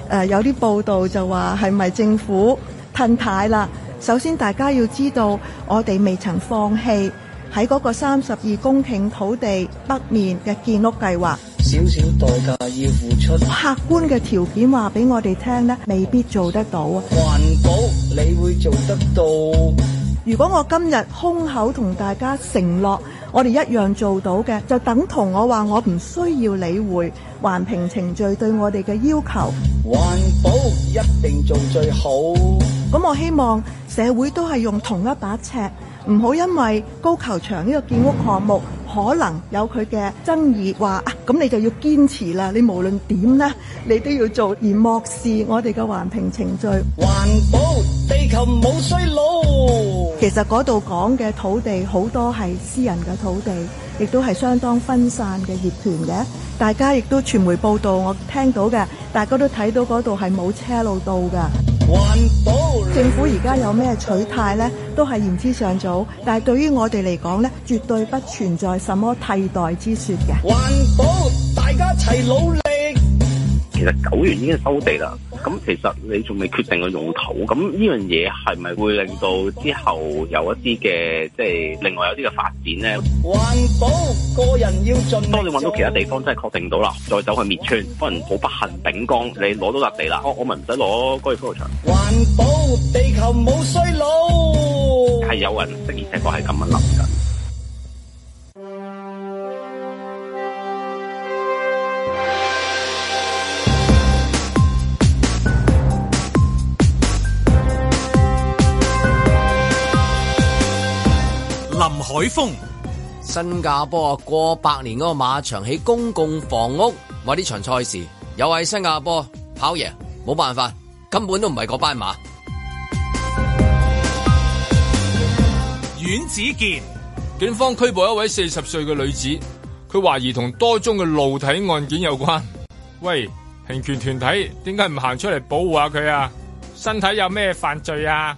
誒有啲報道就話係咪政府褪軚啦？首先大家要知道，我哋未曾放棄喺嗰個三十二公頃土地北面嘅建屋計劃。少少代價要付出。客觀嘅條件話俾我哋聽呢，未必做得到啊。環保，你會做得到？如果我今日空口同大家承諾。我哋一樣做到嘅，就等同我話我唔需要理會，環評程序對我哋嘅要求。環保一定做最好。咁我希望社會都係用同一把尺。唔好因為高球場呢個建屋項目可能有佢嘅爭議話，啊咁你就要堅持啦！你無論點咧，你都要做，而漠視我哋嘅環評程序。環保地球冇衰老衰路。其實嗰度講嘅土地好多係私人嘅土地，亦都係相當分散嘅業權嘅。大家亦都傳媒報道，我聽到嘅，大家都睇到嗰度係冇車路道噶。環保政府而家有咩取態咧，都係言之尚早。但係對於我哋嚟講咧，絕對不存在什麼替代之說嘅。環保，大家一齊努力。其實九元已經收地啦，咁其實你仲未決定個用途，咁呢樣嘢係咪會令到之後有一啲嘅，即係另外有啲嘅發展咧？環保個人要盡量。當你搵到其他地方真係確定到啦，再走去滅村，可能好不幸，頂江你攞到笪地啦，哦，我我咪唔使攞高爾夫球場。環保地球冇衰老，係有人，而且個係咁諗噶。林海峰，新加坡過百年嗰個馬場起公共房屋，或呢場賽事。又係新加坡跑贏冇辦法，根本都唔係嗰班馬。阮子健，警方拘捕一位四十歲嘅女子，佢懷疑同多宗嘅露體案件有關。喂，平權團體，點解唔行出嚟保護下佢啊？身體有咩犯罪啊？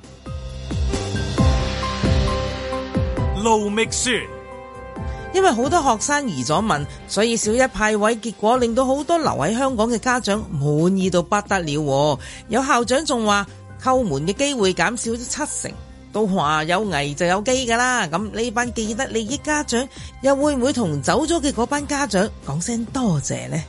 盧覓雪，因為好多學生移咗民，所以小一派位結果令到好多留喺香港嘅家長滿意到不得了。有校長仲話扣門嘅機會減少咗七成，都話有危就有機噶啦。咁呢班既得利益家長又會唔會同走咗嘅嗰班家長講聲多謝呢？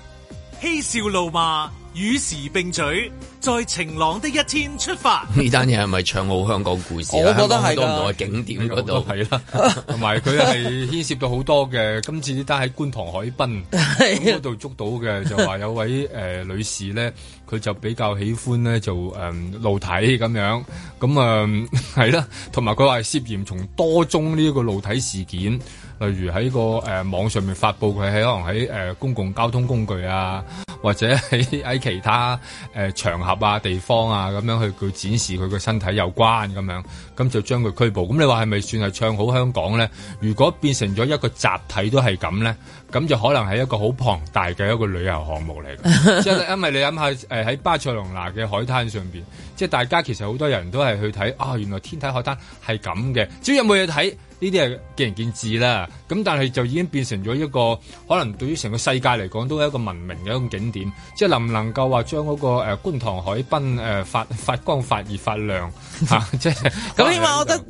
嬉笑怒罵。與時並舉，在晴朗的一天出發。呢單嘢係咪唱好香港故事我覺得係香港咁多唔同景點嗰度係啦，同埋佢係牽涉到好多嘅。 今次呢單喺觀塘海濱嗰度捉到嘅，就話有位誒、呃、女士咧，佢就比較喜歡咧，就誒露體咁樣。咁啊係啦，同埋佢話涉嫌從多宗呢一個露體事件，例如喺個誒、呃、網上面發布佢喺可能喺誒、呃、公共交通工具啊。或者喺喺其他誒場合啊、地方啊咁樣去佢展示佢個身體有關咁樣，咁就將佢拘捕。咁你話係咪算係唱好香港咧？如果變成咗一個集體都係咁咧，咁就可能係一個好龐大嘅一個旅遊項目嚟。即係 因為你諗下誒喺巴塞隆拿嘅海灘上邊，即係大家其實好多人都係去睇啊、哦，原來天體海灘係咁嘅，只要有冇嘢睇？呢啲係見仁見智啦，咁但係就已經變成咗一個可能對於成個世界嚟講都係一個文明嘅一種景點，即係能唔能夠話將嗰個誒觀塘海濱誒發發光發熱發亮、 啊、即係咁。起碼我覺得。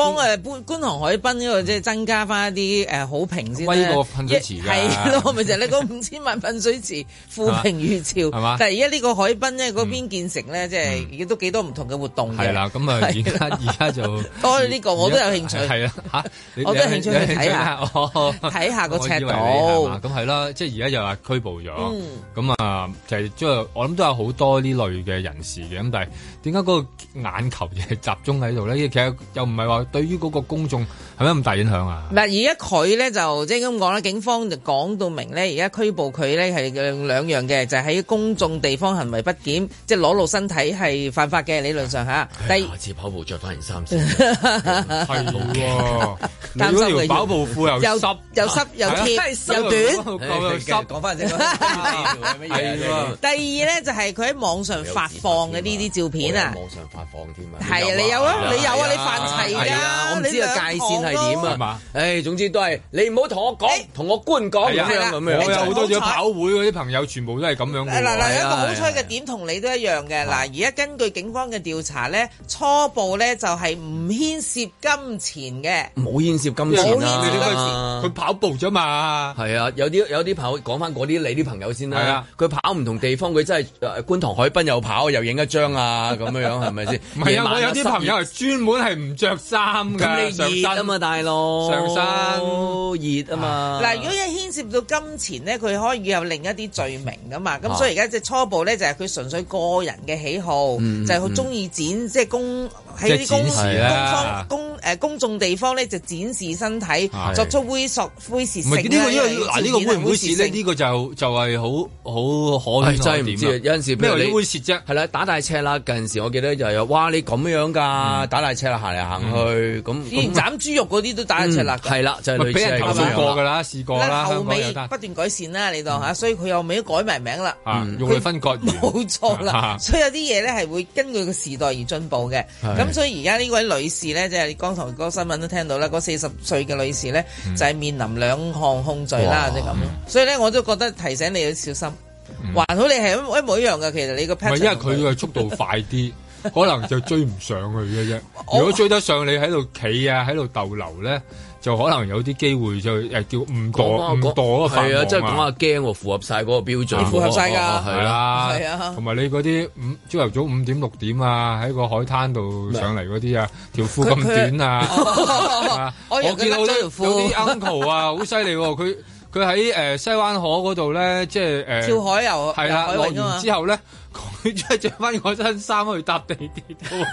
幫誒觀塘海濱呢，這個即係增加翻一啲誒，呃、好評先，呢個噴水池噶係咪就係、是、你講五千萬噴水池負評如潮係嘛？嗎但係而家呢個海濱咧，嗰邊建成咧，即係而家都幾多唔同嘅活動嘅。係啦，咁啊，而家而家就多咗呢個，在我都有興趣係啦吓，啊，我都有興趣睇下睇下個尺度。咁係啦，即係而家又話拘捕咗，咁啊、嗯、就即、是、係我諗都有好多呢類嘅人士嘅。咁但係點解嗰個眼球又係集中喺度咧？其實又唔係話。對於嗰個公眾，有冇咁大影響啊？嗱，而家佢咧就即係咁講啦，警方就講到明咧，而家拘捕佢咧係兩兩樣嘅，就喺公眾地方行為不檢，即係裸露身體係犯法嘅理論上。下第二次跑步著翻件衫，跑步褲又又濕又又短，濕講翻第二咧就係佢喺網上發放嘅呢啲照片啊，網上發放添啊。係啊，你有啊，你有啊，你犯齊啦！我唔知個界線係點啊嘛？誒，總之都係你唔好同我講，同我觀講。係咁樣。我有好多隻跑會嗰啲朋友，全部都係咁樣嘅。係有一個好彩嘅點同你都一樣嘅。嗱，而家根據警方嘅調查咧，初步咧就係唔牽涉金錢嘅，冇牽涉金錢啊！佢跑步啫嘛。係啊，有啲有啲朋友講翻嗰啲你啲朋友先啦。係啊，佢跑唔同地方，佢真係誒觀塘海濱又跑又影一張啊，咁樣樣係咪先？夜啊，係啊，我有啲朋友係專門係唔着衫嘅，嘛。大咯，上山熱啊嘛！嗱，如果一牽涉到金錢咧，佢可以有另一啲罪名噶嘛。咁所以而家即初步咧，就係佢純粹個人嘅喜好，就係好中意展，即係公喺啲公方公誒公眾地方咧，就展示身體，作出猥褻猥褻性呢個，因為嗱呢個猥唔猥褻呢？呢個就就係好好可疑。真係唔知有陣時譬如你猥褻啫，係啦，打大赤啦。近陣時我記得就有哇，你咁樣㗎，打大赤啦，行嚟行去咁。咁斬豬肉。嗰啲都打得出啦，係啦，就係俾人投訴過噶啦，試過啦，後尾不斷改善啦，你當下，所以佢又未都改埋名啦，用佢分割，冇錯啦，所以有啲嘢咧係會根據個時代而進步嘅。咁所以而家呢位女士咧，即係剛才嗰個新聞都聽到啦，嗰四十歲嘅女士咧，就係面臨兩項控罪啦，即係咁所以咧，我都覺得提醒你要小心。還好你係一模一模一樣嘅，其實你個唔係因為佢嘅速度快啲。可能就追唔上去嘅啫。如果追得上，你喺度企啊，喺度逗留咧，就可能有啲機會就誒叫誤墮誤墮嗰個啊。即係講下驚，符合晒嗰個標準。符合晒噶，係啦。係啊。同埋你嗰啲五朝頭早五點六點啊，喺個海灘度上嚟嗰啲啊，條褲咁短啊。我見到有啲 uncle 啊，好犀利。佢佢喺誒西灣河嗰度咧，即係誒跳海游係啦。落完之後咧。佢真係著翻嗰身衫去搭地鐵，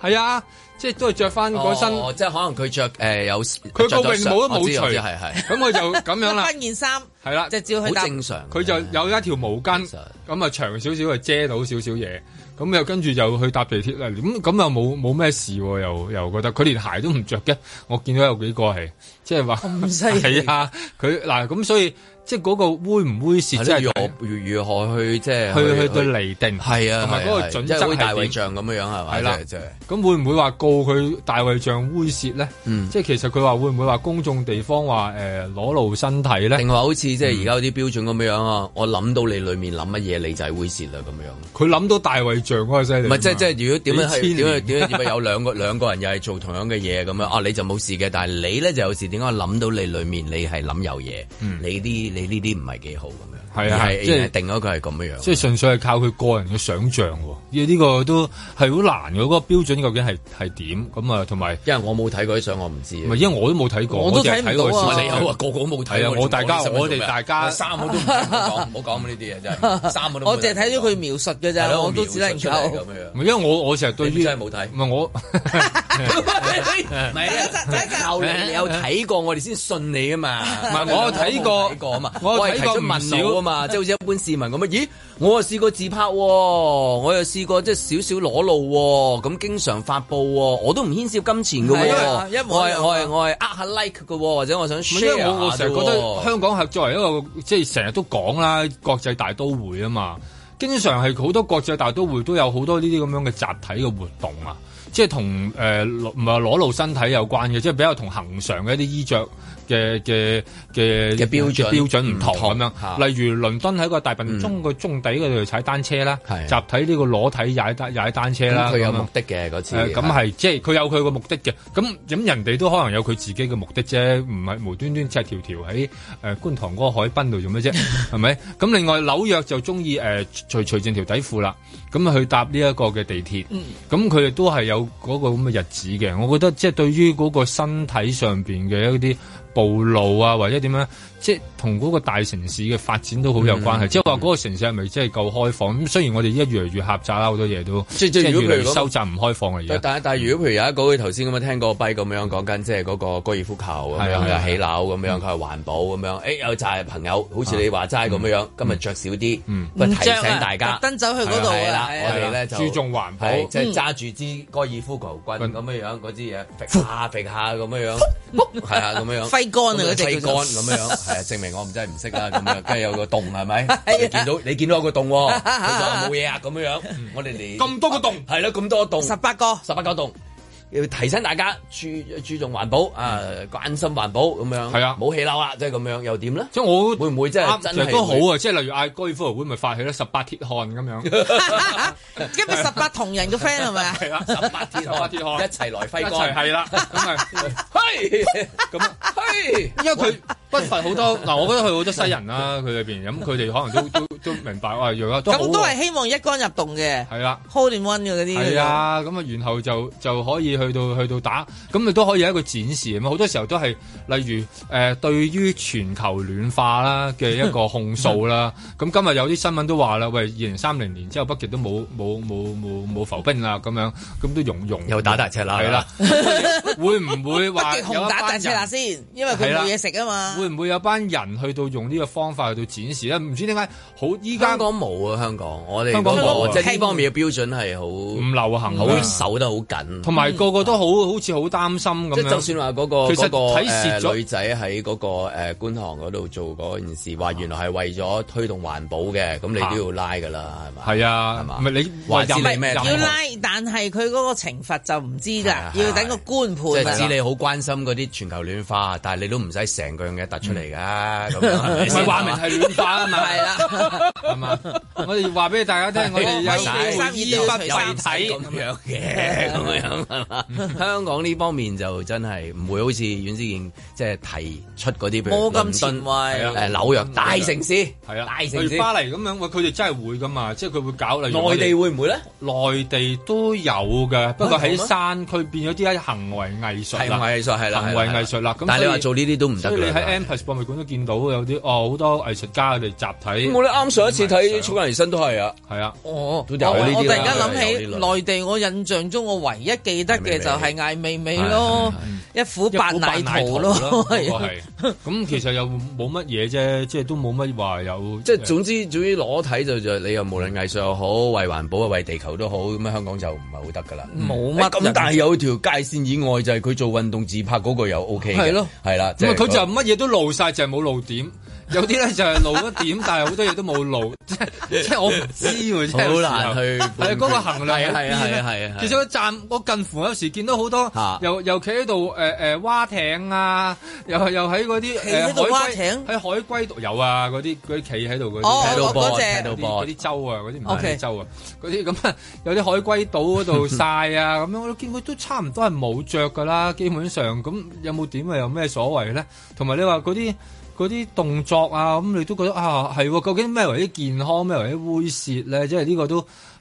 係 啊，即係都係着翻嗰身。哦、即係可能佢着，誒、呃、有，佢個泳帽都冇除，咁佢就咁樣啦。換件衫，係啦，就照好正常。佢就有一條毛巾，咁啊其實 長少少，就遮到少少嘢。咁又跟住就去搭地鐵啦。咁咁又冇冇咩事喎、啊？又又覺得佢連鞋都唔着嘅。我見到有幾個係，即係話。咁犀利。係啊，佢嗱咁所以。即係嗰個猥唔猥褻，即係如如何去即係去去去釐定，係啊，同埋嗰個準則係點？係大衛像咁樣樣係咪？係啦，即係咁會唔會話告佢大衛像猥褻咧？即係其實佢話會唔會話公眾地方話誒裸露身體咧？定話好似即係而家有啲標準咁樣啊？我諗到你裏面諗乜嘢你就係猥褻啦咁樣。佢諗到大衛像開犀利。唔係即係即係，如果點樣係點樣點樣有兩個兩個人又係做同樣嘅嘢咁樣啊？你就冇事嘅，但係你咧就有事。點解諗到你裡面你係諗有嘢？你啲。你呢啲唔係幾好。係啊，即係定咗佢係咁嘅樣，即係純粹係靠佢個人嘅想象，呢個都係好難嘅。嗰個標準究竟係係點？咁啊，同埋因為我冇睇過啲相，我唔知。因為我都冇睇過。我都睇唔到啊，個個都冇睇。我大家我哋大家三個都唔好講，唔好講呢啲嘢啫。三個都我淨係睇咗佢描述嘅咋，我都只能夠，因為我我成日對呢啲真係冇睇。唔係我，唔係真係靠你，你有睇過我哋先信你啊嘛！唔係我睇過我睇過唔 即係好似一般市民咁，咦，我又試過自拍，我又試過即係少少裸露，咁經常發布，我都唔牽涉金錢㗎、啊、是嘛。因為我係我係我係呃下 like 嘅，或者我想 share。我成日覺得香港係作為一個即係成日都講啦，國際大都會啊嘛，經常係好多國際大都會都有好多呢啲咁樣嘅集體嘅活動啊，即係同誒唔係裸露身體有關嘅，即係比較同恆常嘅一啲衣著。嘅嘅嘅嘅標準標準唔同咁樣，同例如倫敦喺個大笨中大笨鐘個鐘底度踩單車啦，嗯、集體呢個裸體踩，踩單踩單車啦。佢有目的嘅嗰次。咁係、嗯是嗯、即係佢有佢個目的嘅，咁咁人哋都可能有佢自己嘅目的啫，唔係無端端赤條條喺誒觀塘嗰個海濱度做咩啫？係咪？咁 另外紐約就中意誒除除淨條底褲啦，咁去搭呢一個嘅地鐵，咁佢哋都係有嗰個咁嘅日子嘅。我覺得即係對於嗰個身體上邊嘅一啲。暴露啊，或者點樣？即係同嗰個大城市嘅發展都好有關係，即係話嗰個城市係咪真係夠開放？咁雖然我哋而家越嚟越狹窄啦，好多嘢都即係譬如收窄唔開放嘅嘢。但係但係，如果譬如有一個好似頭先咁樣聽個跛咁樣講緊，即係嗰個高爾夫球咁樣起樓咁樣，佢係環保咁樣。誒有就係朋友，好似你話齋咁樣，今日着少啲，提醒大家。特登走去嗰度啦，我哋咧就注重環保，即係揸住支高爾夫球棍咁樣嗰支嘢，劈下劈下咁樣樣，係啊咁樣揮杆啊嗰隻，揮杆咁樣。誒證明我唔真係唔識啦，咁樣梗係有個洞係咪？ 你見到你見到有個洞喎，冇嘢啊咁樣樣我哋嚟咁多個洞，係咯， 咁多個洞，十八個，十八個洞。要提醒大家注注重環保啊，關心環保咁樣，係啊，冇氣嬲啦，即係咁樣又點咧？即係我會唔會即係啱？其實都好啊，即係例如啊，高爾夫球會咪發起咧十八鐵漢咁樣，咁咪十八同人嘅 friend 係咪啊？係啊，十八鐵漢，十八鐵漢，一齊來揮桿，係啦，咁係，係咁，係，因為佢不乏好多嗱，我覺得佢好多西人啦，佢裏邊咁，佢哋可能都都都明白啊，如果咁都係希望一竿入洞嘅，係啦，hole in one 嘅嗰啲，係啊，咁啊，然後就就可以。去到去到打，咁你都可以有一個展示，咁好多時候都係例如誒、呃、對於全球暖化啦嘅一個控訴啦，咁 今日有啲新聞都話啦，喂，二零三零年之後北極都冇冇冇冇冇浮冰啦，咁樣咁都融融又打達赤啦係啦，嗯、會唔會北極熊打達赤啦先？因為佢冇嘢食啊嘛啦。會唔會有班人去到用呢個方法去到展示咧？唔知點解好依家香港冇啊香港，我哋、那個、香港、啊、即係呢方面嘅標準係好唔流行，好守得好緊、嗯，同埋我都好好似好擔心咁樣。即係就算話嗰個嗰個女仔喺嗰個誒觀塘嗰度做嗰件事，話原來係為咗推動環保嘅，咁你都要拉㗎喇，係咪？係啊，係咪？唔係你話知你咩？要拉，但係佢嗰個懲罰就唔知㗎，要等個官判。即係知你好關心嗰啲全球暖化，但係你都唔使成個樣嘅突出嚟㗎。唔係話明係暖化啊嘛？係啦。係咪？我哋話俾大家聽，我哋有睇三二香港呢方面就真係唔會好似阮之健即係提出嗰啲，冇咁前衛。誒紐約大城市，係啊，大城市、巴黎咁樣，佢哋真係會噶嘛？即係佢會搞例如內地會唔會咧？內地都有嘅，不過喺山區變咗啲行為藝術啦，行為藝術係啦，行為藝術啦。但係你話做呢啲都唔得。所以你喺 M+ 博物館都見到有啲哦，好多藝術家佢哋集體。我哋啱上一次睇草間彌生都係啊，係啊，都有我突然間諗起內地，我印象中我唯一記得。嘅就係嗌味味咯，一苦白奶圖咯，係咁其實又冇乜嘢啫，即係都冇乜話有，即係總之總之裸體就就你又無論藝術又好，為環保啊為地球都好，咁啊香港就唔係好得噶啦，冇乜咁，但係有條界線以外就係佢做運動自拍嗰個又 OK 嘅，係咯，係啦，佢就乜嘢都露晒，就係冇露點。有啲咧就係露咗點，但係好多嘢都冇露，即即係我唔知喎，即好難去。係嗰、那個衡量係係係啊係啊！係係係係係係係其實我站我近乎有時見到好多，啊、又又企喺度誒誒蛙艇啊，又又喺嗰啲企喺度艇，喺、呃海，啊、海龜度有啊嗰啲企喺度嗰啲，睇到波嗰啲舟啊嗰啲唔係啲舟啊嗰啲咁啊，okay、有啲海龜島嗰度晒啊咁樣，我都見佢都差唔多係冇着㗎啦，基本上咁有冇點啊有咩所謂咧？同埋你話嗰啲。嗰啲動作啊，咁你都覺得啊，係、啊、究竟咩為之健康，咩為之猥褻咧？即係呢個都。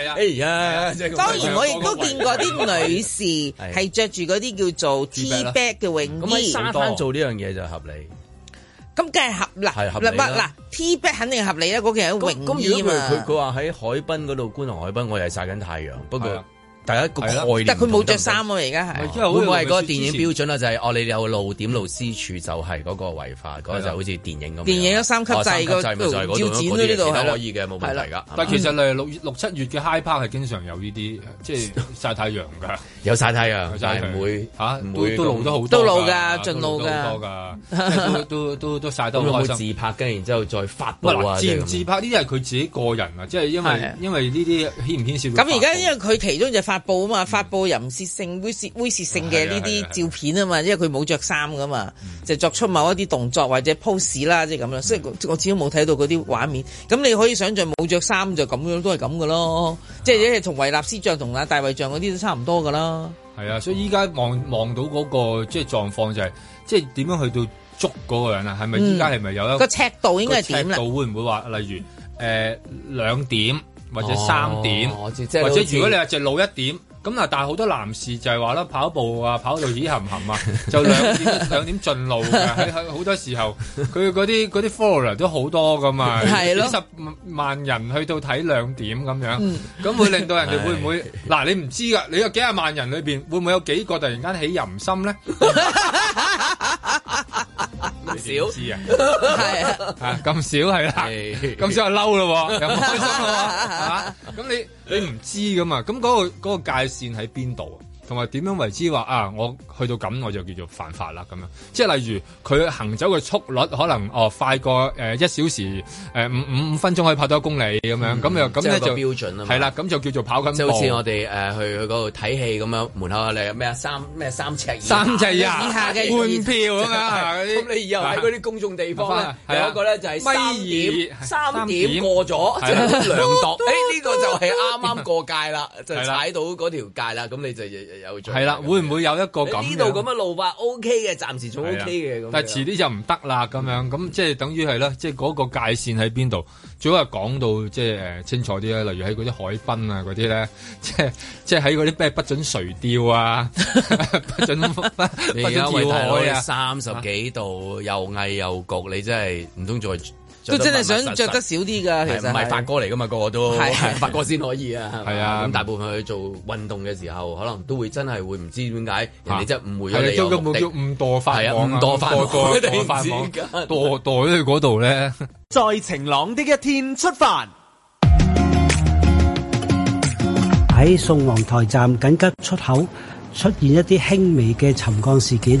誒，而家當然我亦都見過啲女士係着住嗰啲叫做 T back 嘅泳衣，衫、 啊，沙灘做呢樣嘢就合理。咁梗係合嗱，嗱，T back 肯定合理啦，嗰件係泳衣佢佢話喺海濱嗰度觀塘海濱，我又曬緊太陽，不過。一但佢冇着衫喎，而家係會唔會係個電影標準啊？就係哦，你有露點露私處就係嗰個違法，個就好似電影咁。電影有三級制嗰度，照剪呢度，係可以嘅，冇問題㗎。但其實係六六七月嘅 high park 係經常有呢啲，即係曬太陽㗎，有曬太陽，但係唔會吓，唔會都露多好多，都露㗎，盡露㗎，都都都曬多。有冇自拍㗎？然之後再發自拍呢啲係佢自己個人啊，即係因為因為呢啲牽唔牽涉？咁而家因為佢其中就發。布啊、嗯、嘛，發布淫褻性猥褻猥褻性嘅呢啲照片啊嘛，因為佢冇着衫噶嘛，就作出某一啲動作或者 pose 啦，即係咁啦，嗯、所以我始終冇睇到嗰啲畫面。咁你可以想象冇着衫就咁樣，都係咁噶咯，嗯、即係即係同維納斯像同阿大衛像嗰啲都差唔多噶啦。係啊、嗯，所以依家望望到嗰、那個即係狀況就係，即係點、就是、樣去到捉嗰個人啊？係咪依家係咪有一個、嗯、尺度應該係點啦？尺度會唔會話例如誒兩、呃、點？或者三點，哦、或者如果你係老一點，咁嗱，但係好多男士就係話咧，跑步啊，跑到已行行啊，就兩點兩 點進路嘅，喺好 多時候佢嗰啲嗰啲 follower 都好多噶嘛，的幾十萬人去到睇兩點咁樣，咁、嗯、會令到人哋會唔會嗱 的？你唔知噶，你有幾廿萬人裏面會唔會有幾個突然間起淫心咧？ 少知啊，係 是啊，啊，咁少係啦，咁、啊、少就嬲咯，又唔開心咯，吓、 啊，咁你你唔知噶嘛？咁嗰、那個嗰、那個界線喺邊度啊？同埋點樣為之話啊？我去到咁我就叫做犯法啦咁樣，即係例如佢行走嘅速率可能哦快過誒一小時誒五五分鐘可以跑多一公里咁樣，咁叫咁咧標準。係啦，咁就叫做跑緊。即係好似我哋誒去去嗰度睇戲咁樣，門口你有咩啊三咩三尺三尺以下嘅半票咁樣，咁你以後喺嗰啲公眾地方咧，有一個咧就係米二三點過咗，即係兩度，呢個就係啱啱過界啦，就踩到嗰條界啦，咁你就。係啦，會唔會有一個咁？呢度咁嘅路法 OK 嘅，暫時仲 OK 嘅。但係遲啲就唔得啦，咁樣咁即係等於係啦，即係嗰個界線喺邊度？最好係講到即係誒清楚啲啦，例如喺嗰啲海濱啊嗰啲咧，即係即係喺嗰啲咩不准垂釣啊，不准。你而家海呀三十幾度又翳又焗，你真係唔通再？都真係想著得少啲噶，其實唔係發哥嚟噶嘛，個個都發哥先可以啊？係啊，咁大部分去做運動嘅時候，可能都會真係會唔知點解人哋即係誤會咗你，根本叫誤墮法網，誤墮法網，墮墮咗去嗰度咧。在晴朗的一天出發，喺宋皇台站緊急出口出現一啲輕微嘅沉降事件。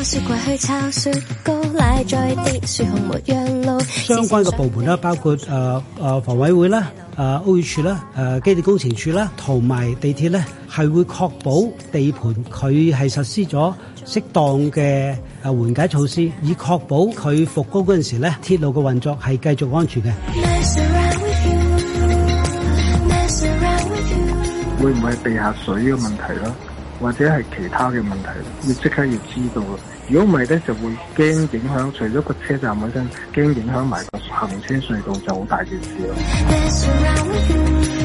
雪去雪糕雪紅，相關嘅部門包括誒誒房委會啦、誒屋宇署啦、誒基地工程署啦，同埋地鐵咧，係會確保地盤佢係實施咗適當嘅誒緩解措施，以確保佢復工嗰陣時咧，鐵路嘅運作係繼續安全嘅。會唔會係地下水嘅問題咯？或者係其他嘅問題，要即刻要知道。如果唔係咧，就會驚影響，除咗個車站本身，驚影響埋個行車隧道就好大件事啦。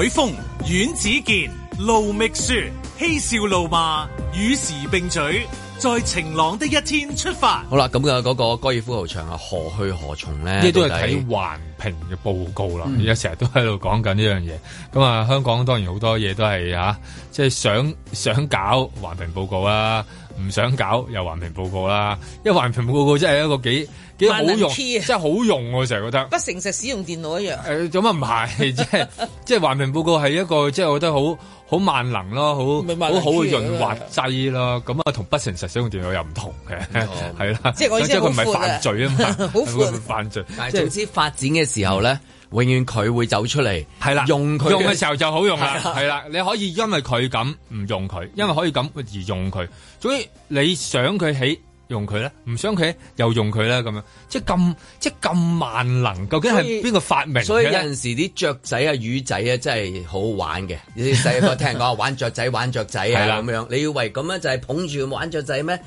海峰、阮子健、盧覓雪嬉笑怒罵與時並舉，在晴朗的一天出發。好啦，咁嘅嗰個高爾夫球場啊，何去何從咧？呢都係睇環評嘅報告啦，而家成日都喺度講緊呢樣嘢。咁、嗯、啊、嗯，香港當然好多嘢都係啊，即、就、係、是、想想搞環評報告啦，唔想搞又環評報告啦。因為環評報告真係一個幾。幾好用，即係好用喎！我成日覺得不誠實使用電腦一樣。誒，咁唔係，即係即係環評報告係一個，即係我覺得好好萬能咯，好好好潤滑劑咯。咁啊，同不誠實使用電腦又唔同嘅，係啦。即係我意思，即係佢唔係犯罪啊嘛。好，犯罪。但總之發展嘅時候咧，永遠佢會走出嚟，係啦，用佢用嘅時候就好用啦，係啦。你可以因為佢咁唔用佢，因為可以咁而用佢。所以你想佢喺。用佢咧，唔想佢又用佢呢？咁樣即係咁即係咁萬能，究竟係邊個發明嘅？所以，所以有陣時啲雀仔，仔， 仔，仔啊、魚仔啊真係好好玩嘅。你細個聽人講玩雀仔、玩雀仔啊咁樣，你以為咁樣就係捧住玩雀仔咩？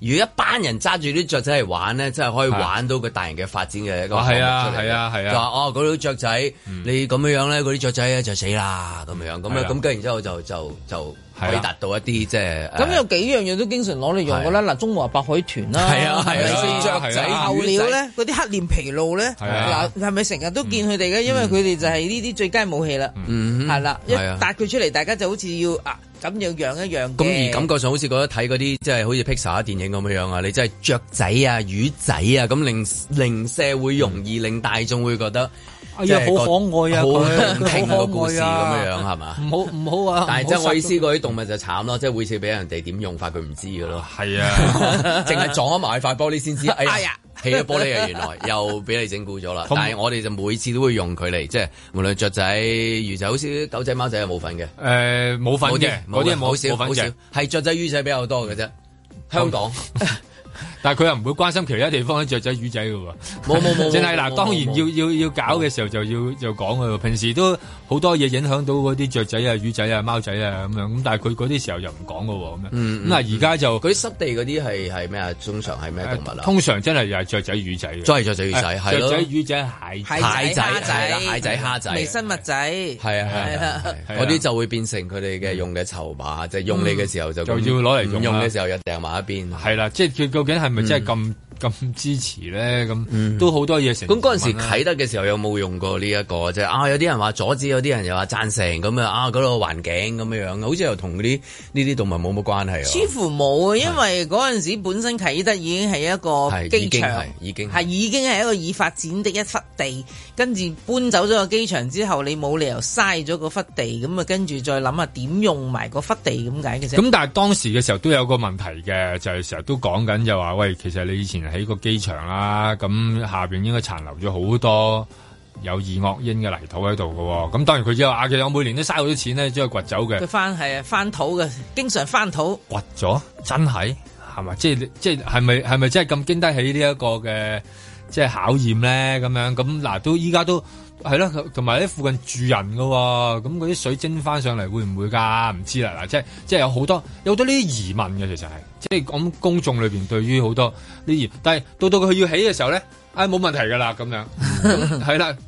如果一班人揸住啲雀仔嚟玩咧，真係可以玩到個大型嘅發展嘅一個係啊係啊係啊！就話哦，嗰啲雀仔你咁樣呢，咧，嗰啲雀仔咧就死啦咁樣咁啊咁，跟然之後就就就。可以達到一啲即係，咁有幾樣嘢都經常攞嚟用嘅啦。嗱，中華白海豚啦，係啊係啊，四雀仔候鳥咧，嗰啲黑臉琵鷺咧，嗱，係咪成日都見佢哋嘅？因為佢哋就係呢啲最佳武器啦，係啦，一搭佢出嚟，大家就好似要啊咁樣養一養。咁而感覺上好似覺得睇嗰啲即係好似 Pixar 電影咁樣啊，你真係雀仔啊、魚仔啊，咁令令社會容易，令大眾會覺得。哎呀，好可愛啊，好聽個故事咁樣樣係嘛？唔好唔好啊！但係即係我意思，嗰啲動物就慘咯，即係每次俾人哋點用法佢唔知嘅咯。係啊，淨係撞咗埋塊玻璃先知。哎呀，起咗玻璃啊，原來又俾你整蠱咗啦！但係我哋就每次都會用佢嚟，即係無論雀仔、魚仔，好似狗仔、貓仔又冇份嘅。誒，冇份嘅，嗰啲好少，好少，係雀仔、魚仔比較多嘅啫。香港。但係佢又唔會關心其他地方啲雀仔、魚仔噶喎，冇冇冇，淨係嗱，當然要要要搞嘅時候就要就講噶喎，平時都好多嘢影響到嗰啲雀仔啊、魚仔啊、貓仔啊咁樣，咁但係佢嗰啲時候又唔講噶喎，咁樣，咁啊而家就，嗰啲濕地嗰啲係係咩啊？通常係咩動物啊？通常真係又係雀仔、魚仔，真係雀仔、魚仔，雀仔、魚仔、蟹仔、蟹仔、蝦仔、微生物仔，係啊係啊，嗰啲就會變成佢哋嘅用嘅籌碼，即係用你嘅時候就就要攞嚟用，唔用嘅時候又掟埋一邊，係啦，即係佢究竟係。係咪真係咁？咁支持咧，咁、嗯嗯、都好多嘢咁嗰陣時啟德嘅時候有冇用過呢、這、一個？即、就、係、是、啊，有啲人話阻止，有啲人又話贊成。咁啊啊嗰度環境咁樣樣，好似又同嗰啲呢啲動物冇乜關係啊？似乎冇啊，因為嗰陣時本身啟德已經係一個機場，已經係已經係一個已發展的一忽地。跟住搬走咗個機場之後，你冇理由嘥咗嗰忽地，咁啊跟住再諗下點用埋嗰忽地咁解嘅啫。咁但係當時嘅時候都有個問題嘅，就係成日都講緊就話喂，其實你以前喺個機場啦，咁下邊應該殘留咗好多有二惡英嘅泥土喺度嘅，咁當然佢之後阿杰我每年都嘥好多錢咧，將佢掘走嘅。佢翻係啊，翻土嘅，經常翻土，掘咗，真係係咪？即係即係，係咪係咪真係咁經得起、這個就是、呢一個嘅即係考驗咧？咁樣咁嗱、啊，都依家都。係啦，同埋喺附近住人㗎喎，咁嗰啲水蒸翻上嚟會唔會㗎？唔知啦，嗱，即係即係有好多有好多呢啲疑問嘅，其實係即係講公眾裏面對於好多呢啲疑，但係到到佢要起嘅時候咧，唉、哎，冇問題㗎啦，咁樣係啦。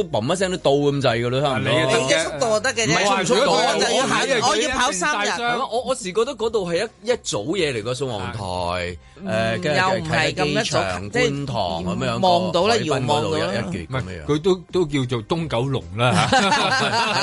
嘣一聲都到咁滯嘅啦，差唔多。整嘅速度得嘅啫。唔係唔係，如果我就要行，我要跑三日。我我時覺得嗰度係一一組嘢嚟嘅，宋皇臺誒，又唔係咁一組秦觀台咁樣。望到啦，遙望到啦。唔係佢都都叫做東九龍啦，係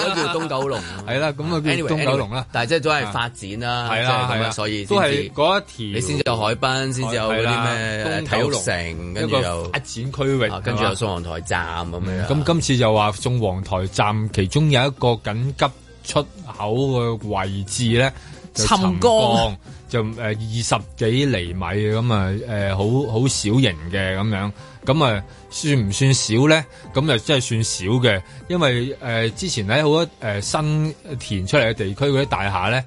咯，叫東九龍。係啦，咁啊叫東九龍啦。但係即係都係發展啦，係啦，係啦，所以都係嗰一條，你先至有海濱，先至有嗰啲咩東九龍城，跟住又發展區域，跟住又宋皇臺站咁樣。咁今次。就話宋皇臺站其中有一個緊急出口嘅位置咧，沉江就沉降就誒二十幾厘米，咁啊誒好好小型嘅咁樣，咁啊算唔算少咧？咁啊真係算少嘅，因為誒、呃、之前喺好多誒、呃、新填出嚟嘅地區嗰啲大廈咧。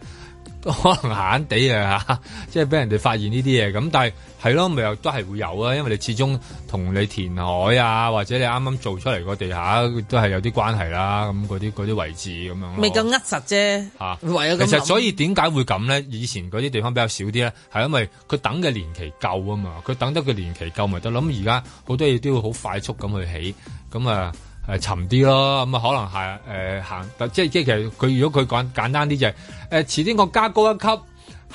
都可能硬地啊，即係俾人哋發現呢啲嘢咁，但係係咯，咪又都係會有啊，因為你始終同你填海啊，或者你啱啱做出嚟個地下都係有啲關係啦，咁嗰啲嗰啲位置咁、啊、樣咯，未夠扼實啫，嚇，其實所以點解會咁咧？以前嗰啲地方比較少啲咧，係因為佢等嘅年期夠啊嘛，佢等得佢年期夠咪得諗而家好多嘢都要好快速咁去起，咁啊。係沉啲咯，咁啊可能係誒、呃、行，即即其實佢如果佢講簡單啲就係誒遲啲我加高一級，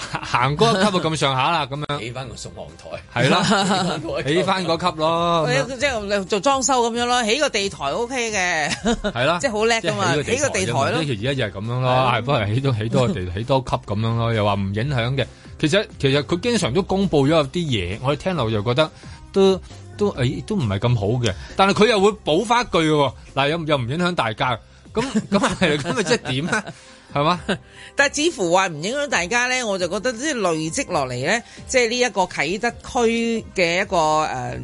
行高一級咁上下啦，咁樣起翻個送行台，係啦、啊，起翻嗰級咯，即係做裝修咁樣咯，起個地台 OK 嘅，係啦、啊，即係好叻噶嘛，起個，個地台咯。其實而家就係咁樣咯，不過、啊、起多起多地起，起多級咁樣咯，又話唔影響嘅。其實其實佢經常都公布咗有啲嘢，我哋聽落又覺得都。都誒、哎、都唔係咁好嘅，但係佢又會補翻句喎，嗱又又唔影響大家，咁咁係咁咪即係點咧？係嘛？但係似乎話唔影響大家咧，我就覺得即係累積落嚟咧，即係呢一個啟德區嘅一個誒、呃、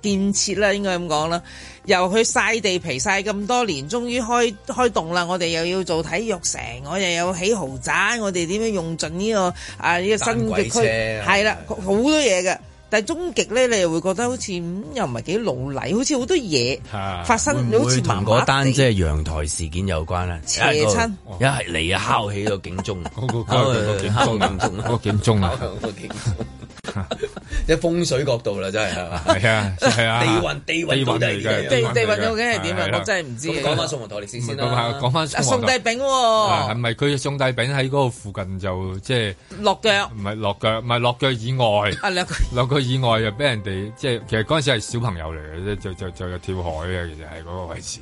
建設啦，應該咁講啦。又去曬地皮曬咁多年，終於開開動啦，我哋又要做體育城，我又有起豪宅，我哋點樣用盡呢個啊呢個新嘅區？係啦，好多嘢嘅。但係終極咧，你又會覺得好似又唔係幾濃烈，好似好多嘢發生，好似同嗰單即係陽台事件有關啦，斜親一係嚟啊，敲起個警鐘，敲警鐘，敲警鐘。即風水角度啦，真係係啊，係啊。地運地運到底地地究竟係點啊？我真係唔知。咁講翻宋皇台歷史先啦。講翻宋帝炳喎，係咪佢宋帝炳喺嗰個附近就即係落腳？唔係落腳，唔係落腳以外。落腳以外又俾人哋即係其實嗰陣時係小朋友嚟嘅，即係就跳海嘅。其實係嗰個位置，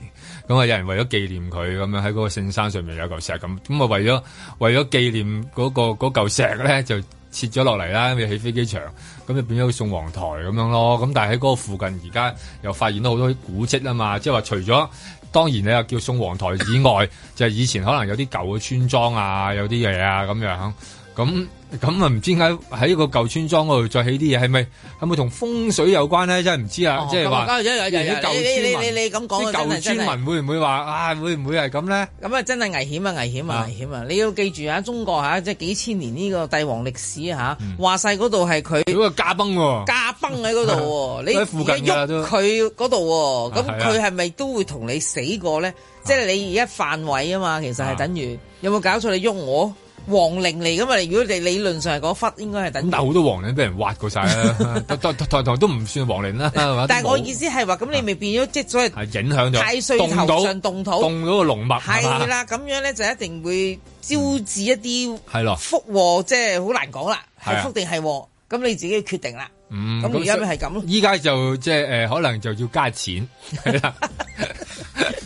咁啊有人為咗紀念佢咁樣喺嗰個聖山上面有嚿石咁，咁啊為咗為咗紀念嗰嚿石咧就切咗落嚟啦，咁起飛機場。咁就變咗去宋皇台咁樣咯，咁但係喺嗰個附近而家又發現到好多啲古跡啊嘛，即係話除咗當然你又叫宋皇台以外，就係、是、以前可能有啲舊嘅村莊啊，有啲嘢啊咁樣。咁咁啊，唔知點解喺一個舊村莊嗰度再起啲嘢，係咪係咪同風水有關咧？真係唔知啊！即係話，你你你你咁講，舊村民會唔會話啊？會唔會係咁咧？咁啊，真係危險啊！危險啊！危險啊！你要記住啊，中國吓，即係幾千年呢個帝王歷史吓，話晒嗰度係佢，如果駕崩駕崩喺嗰度，你附近喐佢嗰度，咁佢係咪都會同你死過咧？即係你而家範圍啊嘛，其實係等於有冇搞錯？你喐我？皇陵嚟噶嘛？如果你理論上係嗰忽，應該係等但好多皇陵俾人挖過晒啦，台台都唔算皇陵啦。但係我意思係話，咁你咪變咗即係影響到，太歲頭上動土，動咗個龍脈，係啦，咁樣咧就一定會招致一啲係咯福禍，即係好難講啦，係福定係禍，咁你自己決定啦。咁而家咪係咁咯。依家就即係誒，可能就要加錢。係啦。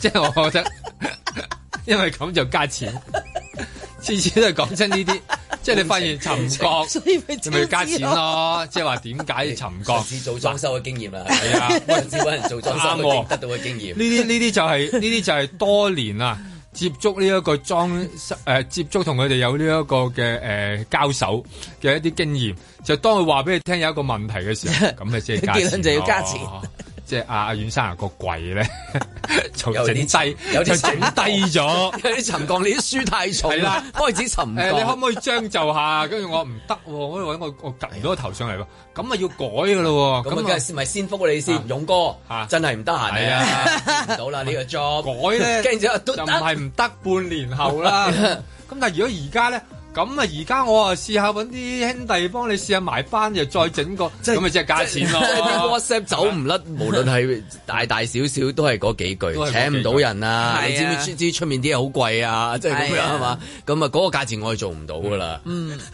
即係我覺得，因為咁就加錢。次次都係講真呢啲， 即係你發現沉降， 所以就你咪要加錢咯。即係話點解沉降做裝修嘅經驗啦，係啊，揾人做裝修得到嘅經驗呢啲呢啲就係呢啲就係多年啊，接觸呢一個裝飾、呃、接觸同佢哋有呢、這、一個嘅誒、呃、交手嘅一啲經驗就當佢話俾你聽有一個問題嘅時候，咁咪即係加錢。結論就要加錢。哦即係阿阿阮生阿個櫃咧，就整低，有整低咗，有啲沉降，你啲書太重啦，開始沉降。你可唔可以將就下？跟住我唔得，我搵我夾唔到個頭上嚟，咁啊要改噶咯，咁啊，咪先復你先，勇哥吓，真係唔得閒係啊，到啦，呢個再改咧，跟住就唔係唔得，半年後啦。咁但係如果而家咧？咁啊，而家我啊，試下揾啲兄弟幫你試下埋返，就再整個，即係咁啊，即係價錢咯。WhatsApp 走唔甩，無論係大大少少，都係嗰幾句請唔到人啊，你知唔知出面啲嘢好貴啊？即係咁樣係嘛？咁啊，嗰個價錢我係做唔到噶啦。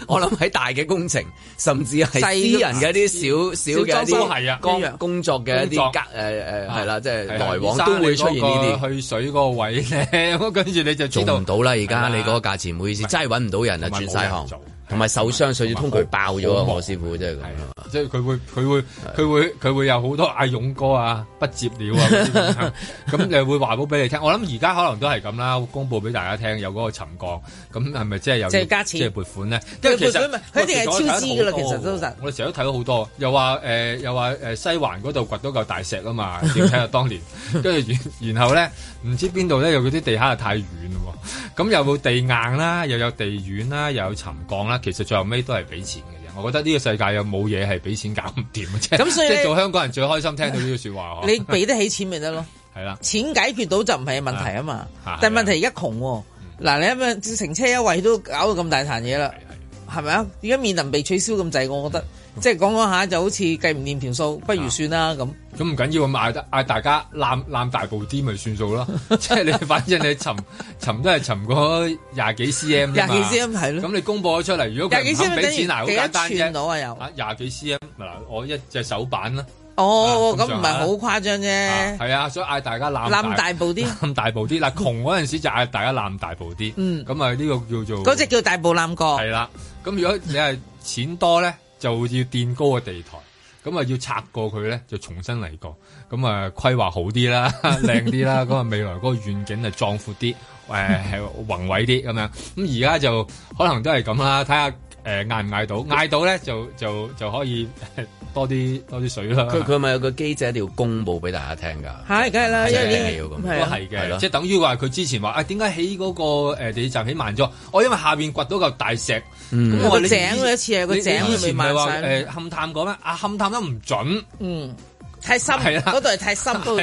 我諗喺大嘅工程，甚至係私人嘅一啲小小嘅裝工作嘅一啲隔誒誒係啦，即係來往都會出現呢啲。去水嗰個位咧，跟住你就做唔到啦！而家你嗰個價錢唔好意思，真係揾唔到人。轉晒行，同埋受傷，所以通渠爆咗啊！我師傅即係咁，即係佢會佢會佢會佢會有好多阿勇哥啊，不接料啊，咁你會話補俾你聽。我諗而家可能都係咁啦，公布俾大家聽有嗰個沉降，咁係咪即係有即係撥款咧？即係其實佢哋係係超支噶啦，其實我哋我成日都睇到好多，又話誒，又話誒，西環嗰度掘到嚿大石啊嘛，點睇下當年跟住然然後咧，唔知邊度咧又嗰啲地下太軟咁又冇地硬啦，又有地軟啦，又有沉降啦，其實最後尾都係俾錢嘅嘢。我覺得呢個世界又冇嘢係俾錢搞唔掂嘅啫。咁所以你 做香港人最開心聽到呢句說話。你俾得起錢咪得咯？係啦的，錢解決到就唔係問題啊嘛。但係問題而家窮喎、哦。嗱的，你咁樣乘車優惠都搞到咁大壇嘢啦，係咪啊？而家面臨被取消咁滯，我覺得。即係講講下就好似計唔掂條數，不如算啦咁。咁唔緊要，嗌嗌大家攬攬大步啲咪算數咯。即係你反正你沉沉都係沉過廿幾 CM 廿幾 CM 係咯。咁你公布咗出嚟，如果肯俾錢嗱，好簡單啫。啊，廿幾 CM 嗱，我一隻手板啦。哦，咁唔係好誇張啫。係啊，所以嗌大家攬攬大步啲，攬大步啲。嗱，窮嗰陣時就嗌大家攬大步啲。嗯。咁啊，呢個叫做嗰隻叫大步攬過。係啦。咁如果你係錢多咧？就要墊高個地台，咁啊要拆過佢咧，就重新嚟過，咁啊規劃好啲啦，靚啲 啦，咁啊未來個願景係壯闊啲，誒、 呃、係宏偉啲咁樣，咁而家就可能都係咁啦，睇下。誒，嗌唔嗌到？嗌到咧就就就可以多啲多啲水啦。佢佢咪有個機制一定要公布俾大家聽噶。係，梗係啦，因為呢樣都係嘅，即係等於話佢之前話啊，點解起嗰個誒地鐵站起慢咗？我因為下邊掘到嚿大石，咁個井佢一次係個井佢未埋晒。誒，勘探過咩？啊，勘探得唔準。嗯，太深，嗰度係太深都。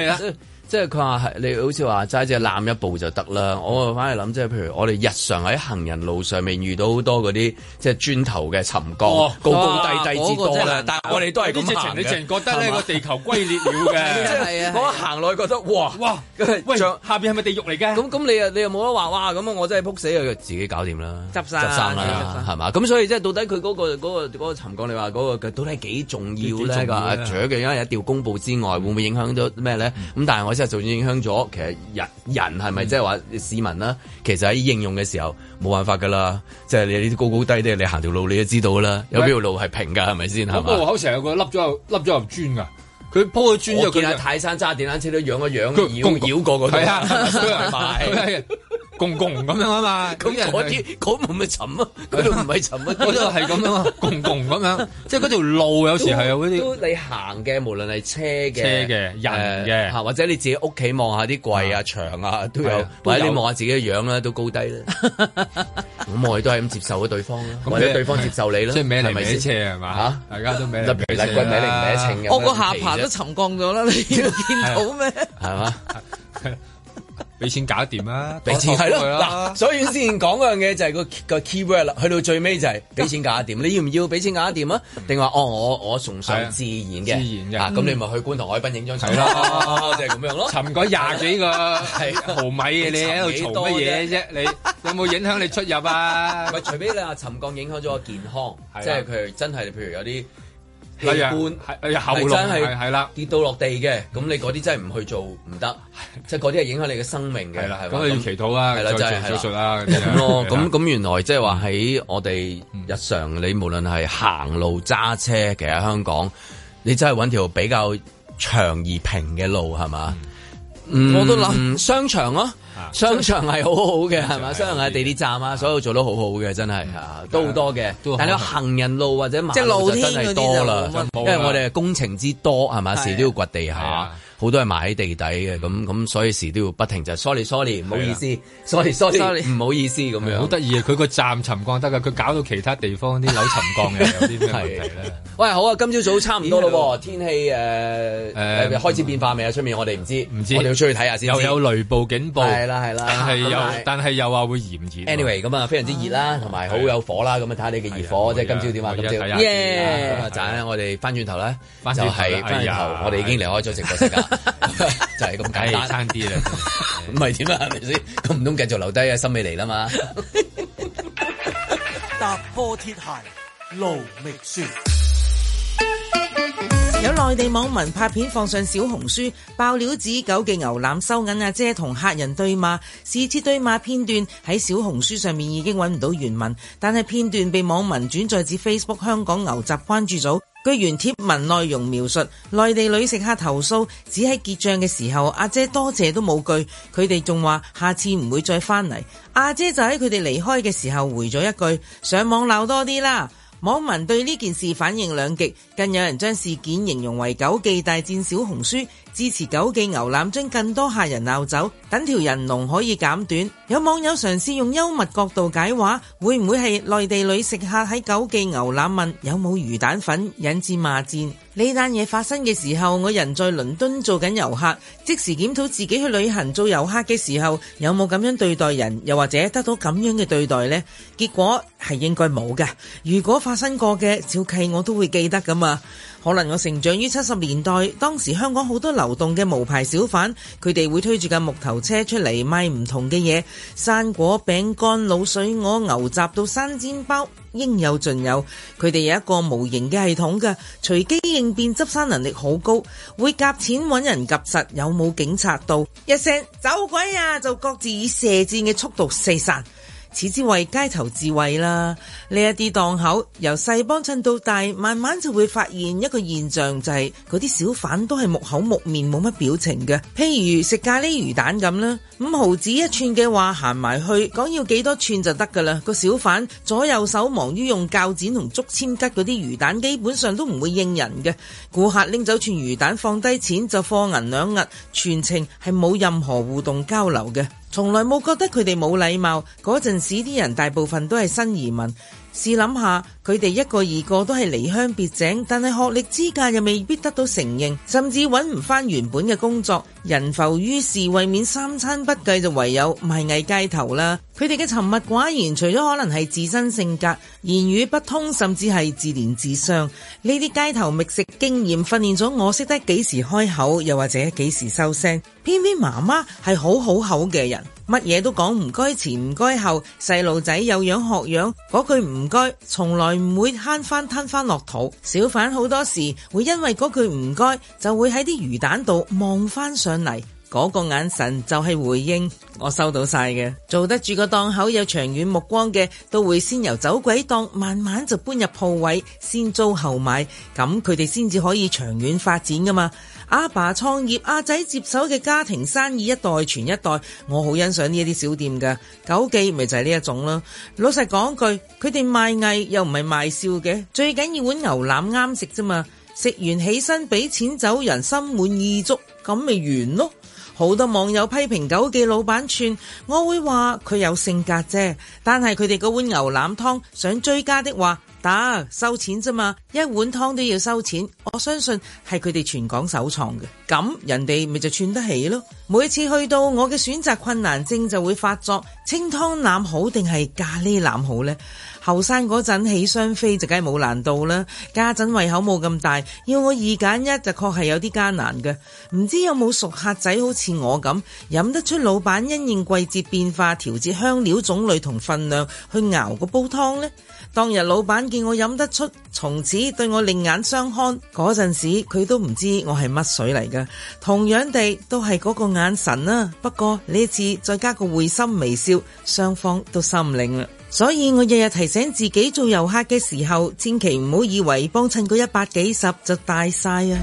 即係佢話係你好似話齋，即係攬一步就得啦。我反而諗即係譬如我哋日常喺行人路上面遇到好多嗰啲即係磚頭嘅沉降，高高低低之多啦。哦那個、但我哋都係咁行你淨覺得咧嗎地球龜裂了嘅、 就是，我行落去覺得哇哇，喂上下邊係咪地獄嚟嘅？咁咁你你又冇得話哇咁我真係撲死佢自己搞掂啦，執曬啦係嘛？咁身所以即係到底佢嗰、那個嗰、那個那個那個、沉降，你話嗰、那個到底係幾重要咧？個除咗佢因為一掉公布之外，會唔會影響到咩咧？咁、嗯、但係我。就影響咗，其實人人係咪即係話市民啦？其實喺應用嘅時候，冇辦法噶啦，即係你呢啲高高低低，你行條路你都知道啦，有邊條路係平噶，係咪先？係嘛？路口成日有個凹咗凹凹咗嚿磚噶，佢鋪咗磚。我見阿泰山揸電單車都樣個樣繞繞過嗰公共，咁樣啊嘛，嗰啲嗰唔係沉啊，佢都唔係沉啊，嗰度係咁樣，公共，咁樣，即係嗰條路有時係有嗰啲你行嘅，無論係車嘅、車嘅、人嘅，或者你自己屋企望下啲櫃啊、牆啊都有，或者你望下自己嘅樣咧，都高低啦。咁我哋都係咁接受咗對方咯，或者對方接受你咧，即係名嚟唔嚟啊嘛，大家都名嚟唔嚟得清嘅，我個下巴都沉降咗啦，你要見到咩？係嘛？俾錢搞掂啊！俾錢係咯嗱，所以之前講嗰樣嘢就係個個 key word 啦。去到最尾就係俾錢搞掂。你要唔要俾錢搞掂啊？定話哦，我我崇尚自然嘅。自然嘅，咁你咪去觀塘海濱影張相咯。就係咁樣咯。沉嗰廿幾個係毫米嘅，你喺度做乜嘢啫？你有冇影響你出入啊？咪除非你話沉降影響咗個健康，即係佢真係譬如有啲。一般係，係喉嚨係，係啦，跌到落地嘅，咁你嗰啲真係唔去做唔得，即係嗰啲係影響你嘅生命嘅，係嘛？咁要祈禱啊，係啦，就係手術啦，咁咁原來即係話喺我哋日常，你無論係行路揸車，其實香港你真係揾條比較長而平嘅路，係嘛？嗯，我都諗商場咯。商場係好好嘅，係咪？商場係地鐵站啊，的所有做得好好嘅，真係的都好多嘅。都但係你行人路或者馬路即係露天，真係多啦，因為我哋工程之多，係咪的？的時都要掘地下。好多人埋喺地底嘅，咁咁所以時都要不停就，sorry sorry，唔好意思，sorry sorry sorry，唔好意思咁樣。好得意啊！佢個站沉降得噶，佢搞到其他地方啲樓沉降嘅，有啲咩問題咧？喂，好啊，今朝早差唔多咯喎，天氣誒誒開始變化未啊？出面我哋唔知，唔知我哋要出去睇下先。又有雷暴警報，係啦係啦，但係又但係又話會炎熱。anyway 咁啊，非常之熱啦，同埋好有火啦，咁啊睇下你嘅熱火即係。今朝點啊？今朝耶！咁啊，我哋翻轉頭啦，就翻轉頭，我哋已經離開咗直播時間。 就係咁簡單，差啲啦，唔係點啊？係咪先？咁唔通繼續留低啊？心尾嚟啦嘛！踏破鐵鞋路覓書，有內地網民拍片放上小紅書，爆料指九記牛腩收銀阿姐同客人對罵，是次對罵片段喺小紅書上面已經揾唔到原文，但係片段被網民轉載至 Facebook 香港牛雜關注組。據原帖文內容描述，內地女食客投訴，只喺結賬嘅時候，阿姐多謝都冇句，佢哋仲話下次唔會再返嚟。阿姐就喺佢哋離開嘅時候回咗一句：上網鬧多啲啦！網民對呢件事反應兩極，更有人將事件形容為九記大戰小紅書。支持九記牛腩，將更多客人鬧走，等條人龍可以減短。有網友嘗試用幽默角度解話，會唔會係內地女食客喺九記牛腩問有冇魚蛋粉，引致罵戰？呢單嘢發生嘅時候，我人在倫敦做緊遊客，即時檢討自己去旅行做遊客嘅時候，有冇咁樣對待人，又或者得到咁樣嘅對待呢？結果係應該冇㗎。如果發生過嘅，小契我都會記得㗎嘛。」可能我成長於七十年代，當時香港好多流動嘅無牌小販，佢哋會推住架木頭車出嚟賣唔同嘅嘢，生果、餅乾、鹵水鵝、牛雜到生煎包，應有盡有。佢哋有一個無形嘅系統㗎，隨機應變執生能力好高，會夾錢揾人夾實。有冇警察到一聲走鬼啊，就各自以射箭嘅速度四散。此之為街頭智慧啦！呢一啲檔口由細幫襯到大，慢慢就會發現一個現象，就係嗰啲小販都係木口木面，冇乜表情嘅。譬如食咖喱魚蛋咁啦，五毫子一串嘅話行埋去，講要幾多串就得噶啦。個小販左右手忙於用鉸剪同竹籤拮嗰啲魚蛋，基本上都唔會應人嘅。顧客拎走串魚蛋放低錢就貨銀兩訖，全程係冇任何互動交流嘅。從來冇覺得佢哋冇禮貌，嗰陣時啲人大部分都係新移民。試諗下，佢哋一個二個都係離鄉別井，但係學歷資格又未必得到承認，甚至揾唔翻原本嘅工作。人浮於事，為免三餐不繼，就唯有賣藝街頭啦。佢哋嘅沉默寡言，除咗可能係自身性格、言語不通，甚至係自憐自傷。呢啲街頭覓食經驗訓練咗我，識得幾時開口，又或者幾時收聲。偏偏媽媽係好好口嘅人。乜嘢都講唔該前唔該後，細路仔有樣學樣，嗰句唔該從來唔會慳翻吞翻落肚。小販好多時會因為嗰句唔該，就會喺啲魚蛋度望翻上嚟，嗰個眼神就係回應我收到晒嘅。做得住個檔口有長遠目光嘅，都會先由走鬼檔慢慢就搬入鋪位，先租後買，咁佢哋先至可以長遠發展㗎嘛。阿爸創業，阿仔接手嘅家庭生意一代傳一代，我好欣賞呢啲小店嘅，九記咪就係呢一種咯。老實講句，佢哋賣藝又唔係賣笑嘅，最緊要是碗牛腩啱食啫嘛，食完起身畀錢走人，心滿意足咁咪完咯。好多網友批評九記老闆串，我會話佢有性格啫，但係佢哋嗰碗牛腩湯想追加的話，打收錢啫嘛，一碗湯都要收錢。我相信係佢哋全港首創嘅，咁人哋咪就串得起咯。每次去到，我嘅選擇困難症就會發作，清湯腩好定係咖喱腩好呢？後生嗰陣起雙飛就梗係冇難度啦，家陣胃口冇咁大，要我二揀一就確係有啲艱難嘅。唔知有冇熟客仔好似我咁飲得出老闆因應季節變化調節香料種類同分量去熬個煲湯呢？當日老闆見我飲得出，從此對我另眼相看。嗰陣時佢都唔知我係乜水嚟噶，同樣地都係嗰個眼神啊。不過呢次再加個會心微笑，雙方都心領啦。所以我日日提醒自己做遊客嘅時候，千祈唔好以為幫襯嗰一百幾十就大晒啊！